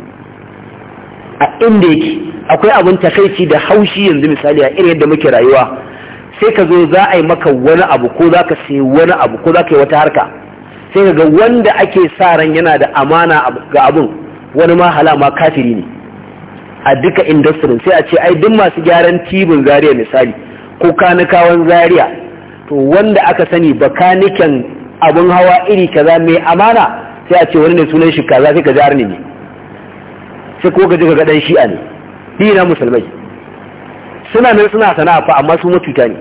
a inda yake akwai abin takaici da haushi yanzu misali a irin yadda muke rayuwa sai ka zo za a yi maka wani abu ko za ka sai wani abu ko za ka yi wata harka sai ka ga wanda ake sa ran yana da amana ga abin wani ma ma kafiri ne a duka industrin sai a ce ai duk masu gyaran tibin zaria misali ko kanikawan zaria to wanda aka sani bakaniken abun hawa iri kaza mai amana sai a ce wani ne sunan shi kaza sai ka ji arni ne sai ko ka ji ga dan shi'a ne dina musulmai suna nan suna sana'a fa amma su mututa ne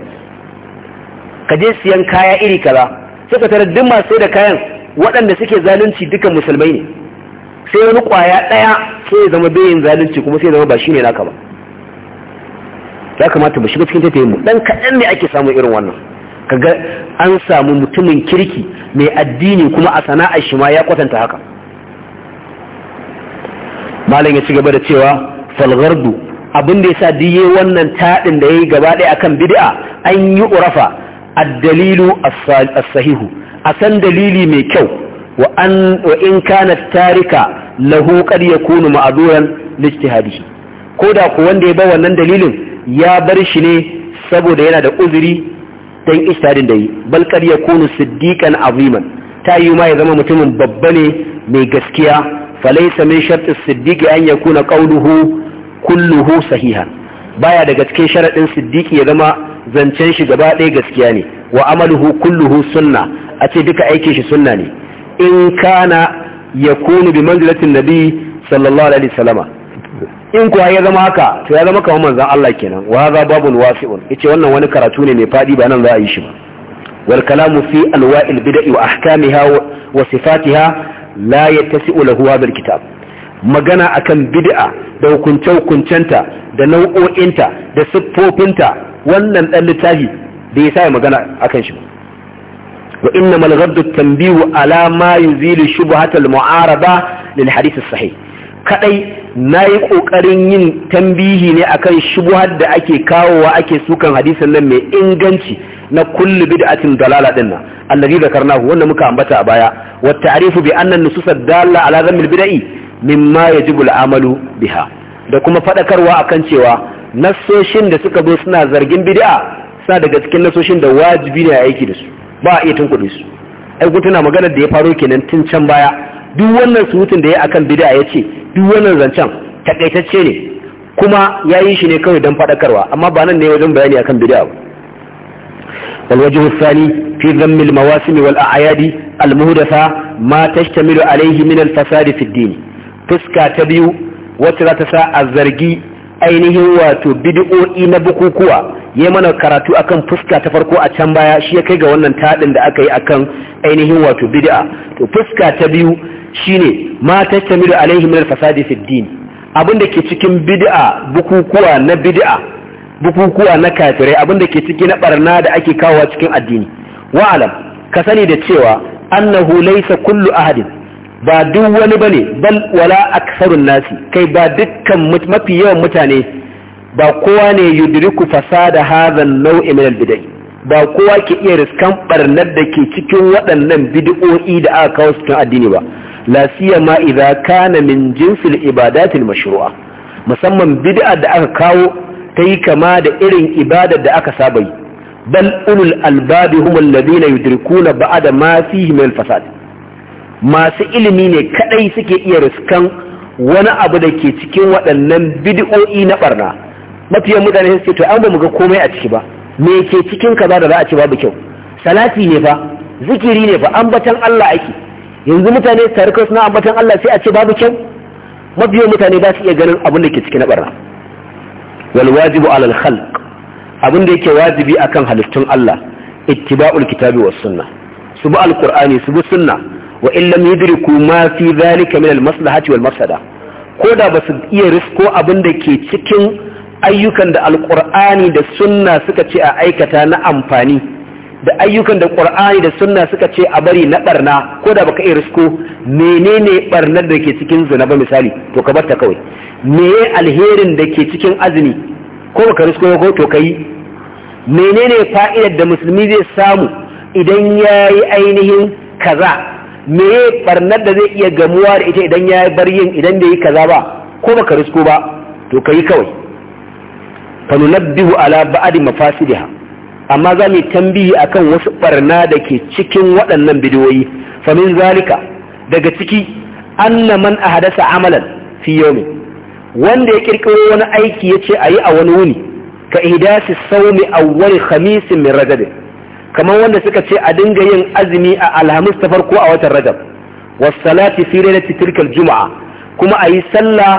ka je siyan kaya iri kaza sai ka tarar duk masu da kayan waɗanda suke zalunci dukan musulmai ne sai wani kwaya ɗaya sai ya zama bayin zalunci kuma sai ya zama ba shi ne naka ba ya kamata mu shiga cikin tafiye mu ɗan kaɗan ne ake samun irin wannan kaga an samu mutumin kirki mai addini kuma a sana'ar shi ma ya kwatanta haka malam ya ci gaba da cewa falgardu abin da yasa diye wannan taɗin da ya yi gaba ɗaya akan bid'a an yi urafa ad-dalilu as-sahihu a san dalili mai kyau wa an in kana tarika lahu qad yakunu ma'duran lijtihadihi koda ku wanda ya ba wannan dalilin ya bar shi ne saboda yana da uzuri dan ishtadin da yi balkar ya yakunu siddiqan aziman ta yi ma ya zama mutumin babba ne mai gaskiya falaisa min shartis Siddiƙi an ya kuna qawluhu kulluhu sahihan baya daga cikin sharaɗin Siddiƙi ya zama zancen shi gaba ɗaya gaskiya ne wa amaluhu kulluhu sunna a ce duka aikin shi sunna ne in kana yakunu bi manzilatin nabi sallallahu alaihi wasallama in kuwa ya zama haka to ya zama kamar manzan Allah kenan wa babu babul wasi'un yace wannan wani karatu ne mai fadi ba nan za a yi shi ba wal kalamu fi alwa'il bid'i wa ahkamiha wa sifatiha la yattasi'u lahu hadha kitab magana akan bid'a da hukunce hukuncenta da nau'o'inta da siffofinta wannan dan littafi bai sa magana akan shi wa innamal ghaddu tanbihu ala ma yuzilu shubhatal mu'arada lil hadith as-sahih kadai yi kokarin yin tambihi ne akan shubuhar da ake kawowa ake sukan hadisan nan mai inganci na kullu bid'atin dalala din nan allazi zakarnahu wanda muka ambata a baya wa ta'rifu bi anna nusus ad-dalla ala dhammil bid'i mimma yajibu al-amalu biha da kuma fadakarwa akan cewa nasoshin da suka zo suna zargin bid'a sa daga cikin nasoshin da wajibi ne a aiki da su ba a iya tunkuɗe su ai gutuna maganar da ya faro kenan tun can baya duk wannan surutun da ya akan bid'a ce. duk wannan zancen takaitacce ne kuma ya yi shi ne kawai don faɗakarwa amma ba nan ne wajen bayani akan bid'a ba والوجه الثاني في ذم المواسم والأعياد المهدثة ما تشتمل Fuska ta biyu, wacce za ta sa a zargi ainihin wato bid'o'i na bukukuwa ya mana karatu akan fuska ta farko a can baya shi ya kai ga wannan taɗin da aka yi akan ainihin wato bid'a to fuska ta biyu shine ma tattamiru alaihi min al-fasadi fi din abinda ke cikin bid'a bukukuwa na bid'a bukukuwa na kafirai abinda ke ciki na barna da ake kawo cikin addini wa alam ka sani da cewa annahu laysa kullu ahadin ba duk wani bane bal wala aksarun nasi kai ba dukkan mafi yawan mutane ba kowa ne yudriku fasada hadha nau'i min ba kowa ke iya riskan barnar da ke cikin waɗannan bid'o'i da aka kawo cikin addini ba la siyama idza kana min jinsil ibadatil mashru'a musamman bid'a da aka kawo ta yi kama da irin ibadar da aka saba yi bal ulul albabi hum alladhina yudrikuna ba'da ma fihi min fasad masu ilimi ne kadai suke iya riskan wani abu da ke cikin waɗannan bid'o'i na barna mafiyan mutane suke to an ba mu ga komai a ciki ba me ke cikin kaza da za a ci babu kyau salati ne fa zikiri ne fa ambatan Allah ake yanzu mutane su tarika suna ambatan Allah sai a ce babu kyau Mabiya mutane ba su iya ganin abin da ke ciki na barna wal wajibu alal khalq abin da yake wajibi akan halittun Allah ittiba'ul kitabi was sunna su bi alqur'ani su bi sunna wa in lam yudriku ma fi dhalika min al maslahati wal mafsada ko da ba su iya risko abin da ke cikin ayyukan da alqur'ani da sunna suka ce a aikata na amfani da ayyukan da ƙur'ani da sunna suka ce a bari na barna ko da baka iya risko menene barnar da ke cikin zina ba misali to ka barta kawai meye alherin da ke cikin azumi ko baka risko ko to kai menene fa'idar da musulmi zai samu idan ya yi ainihin kaza meye barnar da zai iya gamuwa da ita idan ya bar yin idan bai yi kaza ba ko baka risko ba to kai kawai fa nunabbihu ala ba'd mafasidiha amma za mu tambihi akan wasu barna da ke cikin waɗannan bidiyoyi famin zalika daga ciki anna man ahdasa amalan fi yawmi wanda ya kirkiro wani aiki yace ayi a wani wuni ka ihdasi a awwal khamis min rajab kamar wanda suka ce a dinga yin azumi a alhamis ta farko a watan rajab was salati fi lailati tilka juma'a kuma ayi sallah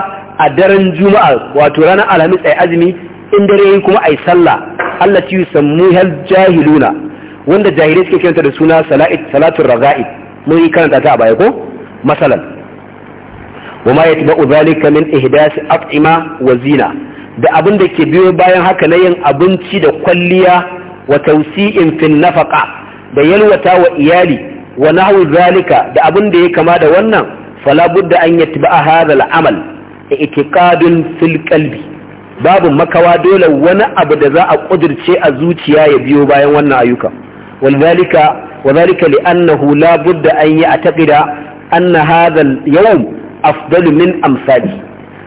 a daren juma'a wato ranar alhamis ayi azumi in dare kuma ayi sallah allati yusammuha jahiluna wanda jahilai suke kiranta da suna salatul raga'ib mun yi karanta ta a baya ko masalan Wama ma yatba'u dhalika min ihdas at'ima wa zina da abin da ke biyo bayan haka na yin abinci da kwalliya wa tawsi'in fi nafaqa da yalwata wa iyali wa nahwu zalika da abin da ya kama da wannan fala budda an yatba'a hadha al-amal i'tiqadun fil qalbi babu makawa dole wani abu da za a kudirce a zuciya ya biyo bayan wannan ayyuka walzalika wazalika Annahu la budda an yi ataqida anna hadha al-yawm afdalu min amsali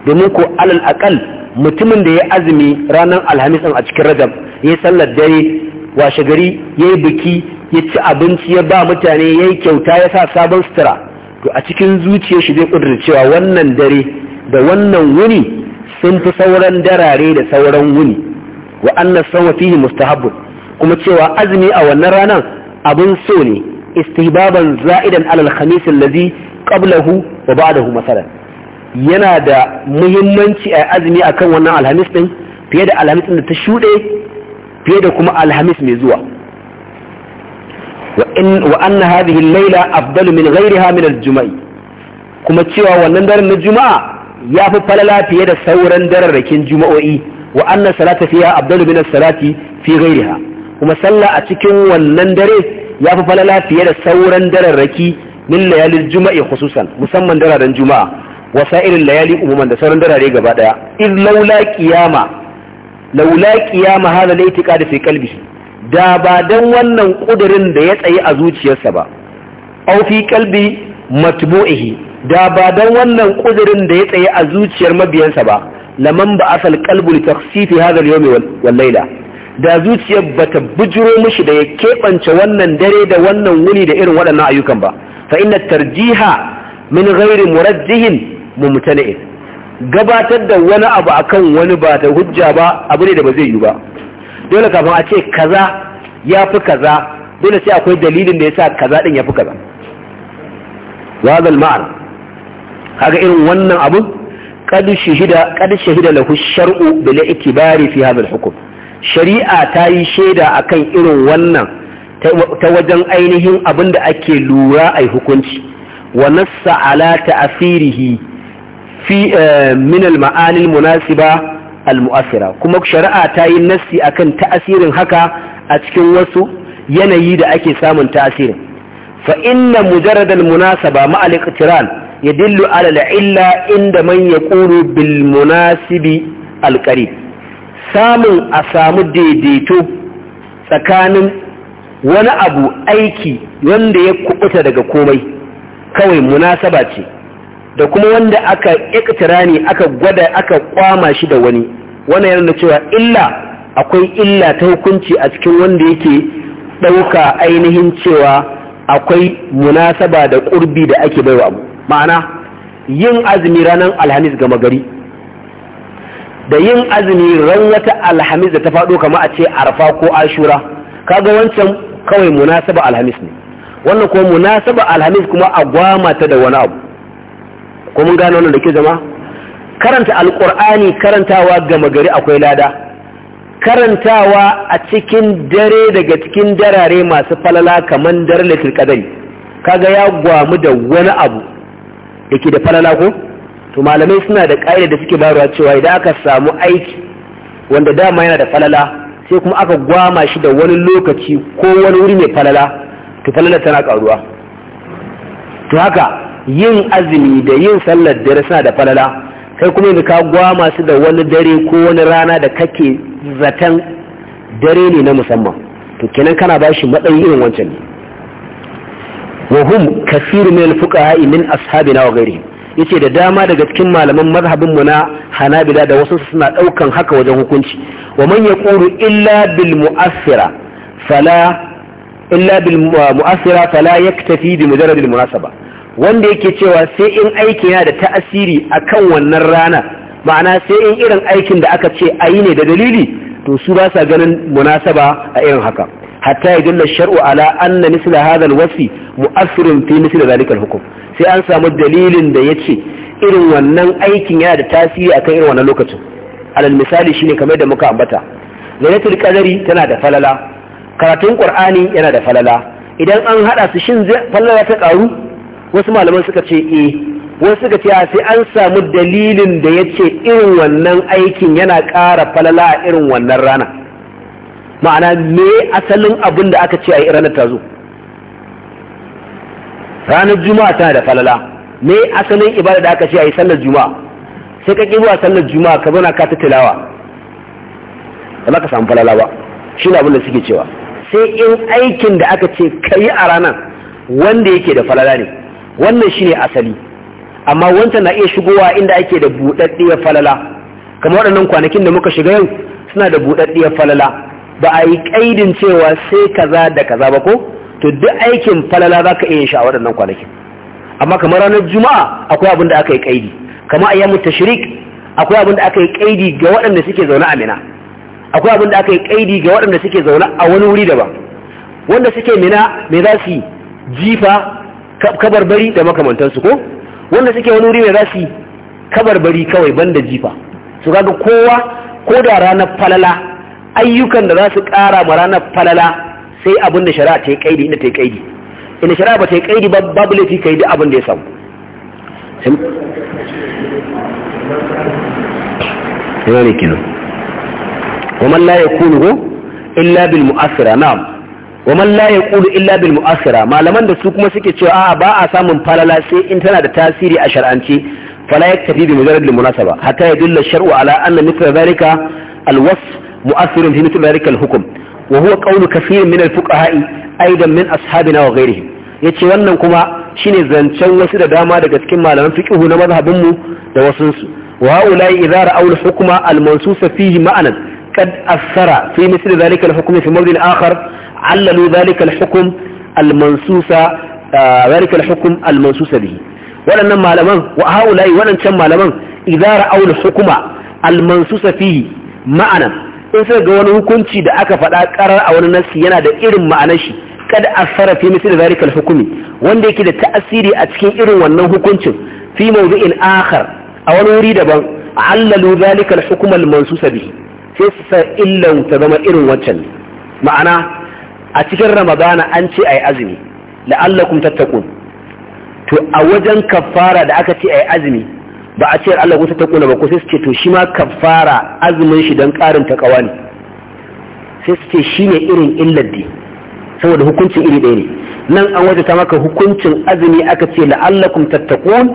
domin ko alal aqal mutumin da ya azumi ranar alhamis a cikin rajab ya sallar dare washe gari ya biki ya ci abinci ya ba mutane ya yi kyauta ya sa sabon sutura to a cikin zuciyar shi zai kudirce cewa wannan dare da wannan wuni sun fi sauran darare da sauran wuni wa annas sawma fihi mustahabbun kuma cewa azumi a wannan ranar abin so ne istihbaban za'idan alal khamis allazi qablahu wa ba'dahu masalan yana da muhimmanci a azumi akan wannan alhamis din fiye da alhamis din da ta shuɗe fiye da kuma alhamis mai zuwa wa anna hadhihi al-laila afdalu min ghayriha min al-jum'i kuma cewa wannan daren na juma'a ya fi falala fiye da sauran dararrakin juma'o'i wa anna salata fiha afdalu min salati fi kuma sallah a cikin wannan dare ya fi falala fiye da sauran dararraki min layalil juma'i khususan musamman dararen juma'a wa sa'irin layali umuman da sauran darare gaba daya in laula qiyama laula qiyama hada la fi qalbihi da ba dan wannan kudirin da ya tsaye a zuciyarsa ba au fi qalbi matbu'ihi da ba don wannan kudirin da ya tsaye a zuciyar mabiyansa ba laman ba asal qalbul taksifi hadha al-yawm wal da zuciyar bata bujiro mishi da ya kebance wannan dare da wannan wuni da irin waɗannan ayyukan ba fa inna tarjiha min ghairi murajjihin mumtani'in gabatar da wani abu akan wani ba ta hujja ba abu ne da ba zai yi ba dole kafin a ce kaza ya fi kaza dole sai akwai dalilin da ya sa kaza din ya fi kaza wa zal kaga irin wannan abun qad shahida qad shahida lahu shar'u bil itibari fi hadha al-hukm shari'a ta yi shaida akan irin wannan ta wajen ainihin abin da ake lura ai hukunci wa nassa ala ta'asirihi fi eh, min al-ma'ani al-munasiba al-mu'assira kuma shari'a ta yi nassi akan ta'asirin haka a cikin wasu yanayi da ake samun ta'asirin fa inna mujarrad al-munasaba ma al-iqtiran yadillu alala, illa inda man yaqulu bil munasibi alqarib samun a samu daidaito tsakanin wani abu aiki wanda ya kubuta daga komai kawai munasaba ce da kuma wanda aka ne aka gwada aka kwama shi da wani wani yana da cewa illa akwai illa ta hukunci a cikin wanda yake ɗauka ainihin cewa akwai munasaba da ƙurbi da ake baiwa abu ma'ana yin azumi ranar alhamis gama gari da yin azumi ran wata alhamis da ta faɗo kama a ce arfa ko ashura kaga wancan kawai munasaba alhamis ne wannan kuma munasaba alhamis kuma a gwamata da wani abu ko mun gano wannan da ke zama karanta Alƙur'ani karantawa gama gari akwai lada karantawa a cikin dare daga cikin darare masu falala kamar dare latin kadari kaga ya gwamu da wani abu da ke da falala ko to malamai suna da ƙa'ida da suke bayarwa cewa idan aka samu aiki wanda dama yana da falala sai kuma aka gwama shi da wani lokaci ko wani wuri mai falala to falala tana karuwa to haka yin azumi da yin sallar dare suna da falala kai kuma yanzu ka gwama su da wani dare ko wani rana da kake zaton dare ne na musamman to kenan kana bashi matsayi irin wancan ne wa hum kasir min fuqaha min ashabina wa ghairihim yace da dama daga cikin malaman mazhabinmu mu na Hanabila da wasu suna daukan haka wajen hukunci wa man yaqulu illa bil mu'assira fala illa bil mu'assira fala yaktafi bi mujarrad al munasaba wanda yake cewa sai in aiki yana da ta'asiri akan wannan rana ma'ana sai in irin aikin da aka ce ayi ne da dalili to su ba sa ganin munasaba a irin haka hatta yadulla shar'u ala anna misla hadha al-wasfi mu'assirin fi misli zalikal hukum sai an samu dalilin da yace irin wannan aikin yana da tasiri akan irin wannan lokacin alal misali shine kamar da muka ambata lailatul qadari tana da falala karatun qur'ani yana da falala idan an hada su shin falala ta karu wasu malaman suka ce eh wasu suka ce sai an samu dalilin da yace irin wannan aikin yana ƙara falala a irin wannan rana ma'ana me asalin abin da aka ce a ranar ta zo ranar juma'a tana da falala me asalin ibada da aka ce a yi sallar juma'a sai ka kibuwa sallar juma'a ka zauna ka ta tilawa ba ka samu falala ba shi ne abin da suke cewa sai in aikin da aka ce ka yi a ranar wanda yake da falala ne wannan shi ne asali amma wancan na iya shigowa inda ake da buɗaɗɗiyar falala kamar waɗannan kwanakin da muka shiga yau suna da buɗaɗɗiyar falala ba a yi ƙaidin cewa sai kaza da kaza ba ko to duk aikin falala za ka iya shi a waɗannan kwanakin amma kamar ranar juma'a akwai abin da aka yi ƙaidi kamar ayyamu tashrik akwai abin da aka yi ƙaidi ga waɗanda suke zaune a mina akwai abin da aka yi ƙaidi ga waɗanda suke zaune a wani wuri daban wanda suke mina me za su jifa kabarbari da makamantansu ko wanda suke wani wuri me za su kabarbari kawai banda jifa su kaga kowa ko da ranar falala ayyukan da za su ƙara ma ranar falala sai abin da shari'a ta yi kaidi inda ta yi kaidi inda shari'a ba ta yi kaidi babu laifi ka yi duk abin da ya samu yana ne kinu waman la ya kunu illa bil mu'asira na'am waman la ya illa bil mu'asira malaman da su kuma suke cewa a ba a samun falala sai in tana da tasiri a shar'ance fala ya tafi bi mujarrad lil munasaba hatta yadulla shar'u ala anna mithla dhalika al wasf mu'assirun fi mithla dhalika al hukm wa huwa qawlu kafirin min al-fuqaha'i aidan min ashabina wa ghayrihim yace wannan kuma shine zancen wasu da dama daga cikin malaman fiqhu na mazhabin mu da wasu su wa ulai idza ra'aw al-hukma al-mansusa fihi ma'anan qad athara fi mithl dhalika al-hukm fi mawdin akhar allalu dhalika al-hukm al-mansusa dhalika al-hukm al-mansusa bihi waɗannan malaman wa haulai waɗancan malaman idza ra'aw al-hukma al-mansusa fihi ma'anan in sai ga wani hukunci da aka faɗa ƙarar a wani nasi yana da irin ma'anar shi kada a sarrafi misali zalikal hukumi wanda yake da ta'asiri a cikin irin wannan hukuncin fi mawdu'in akhar a wani wuri daban allalu zalikal hukuma al mansusa bihi sai su sa illan ta zama irin wancan ma'ana a cikin ramadana an ce ayi azumi la'allakum tattaqun to a wajen kafara da aka ce ayi azumi ba a ce Allah wuta ta ba ko sai su to shi ma kafara azumin shi don karin takawa ne sai su ce shi ne irin illadi saboda hukuncin iri ɗaya ne nan an waje ta maka hukuncin azumi aka ce la'allakum tattaqun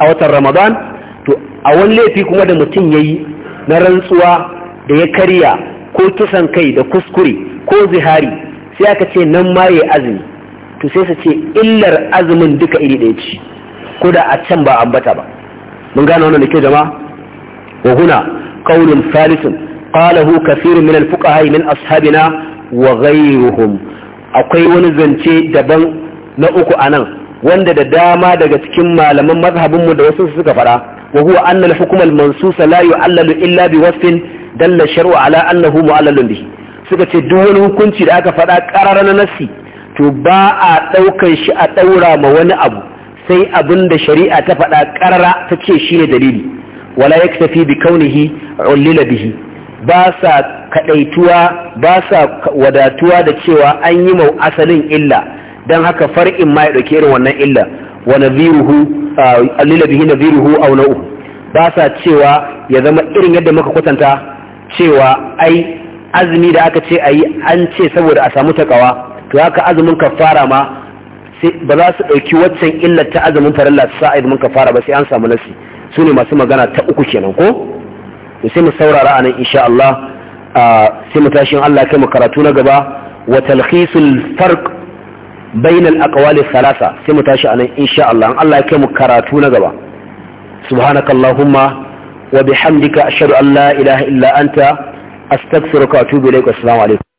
a watan ramadan to a wani laifi kuma da mutum ya yi na rantsuwa da ya karya ko kisan kai da kuskure ko zihari sai aka ce nan ma yayi azumi to sai su ce illar azumin duka iri ɗaya ce ko da a can ba ambata ba mun gane wannan da kyau jama'a wa huna qaulun salisun qalahu kathirun min al min ashabina wa ghayruhum akwai wani zance daban na uku anan wanda da dama daga cikin malaman mazhabin mu da wasu suka fara wa huwa anna al-hukm la yu'allalu illa bi wasfin dalla shar'u ala annahu mu'allalun bihi suka ce duk wani hukunci da aka faɗa ƙararra na nasi to ba a ɗaukan shi a ɗaura ma wani abu sai abin da shari'a ta faɗa ƙarara ta ce shi ne dalili wala ya tafi bi kaunihi ulila bihi ba sa kaɗaituwa ba sa wadatuwa da cewa an yi mau asalin illa don haka far'in ma ya ɗauki irin wannan illa wa nadhiruhu ulila bihi nadhiruhu aw uku? ba sa cewa ya zama irin yadda muka kwatanta cewa ai azumi da aka ce ayi an ce saboda a samu takawa to haka azumin fara ma ba za su ɗauki waccan illar ta azumin farilla su sa azumin kafara ba sai an samu nasi su ne masu magana ta uku kenan ko sai mu saurara anan insha Allah sai mu tashi tashin Allah kai mu karatu na gaba wa talkhisul farq bain al aqwal thalatha sai mu tashi anan insha Allah an Allah kai mu karatu na gaba subhanakallahumma wa bihamdika ashhadu an la ilaha illa anta astaghfiruka wa atubu ilaik assalamu alaikum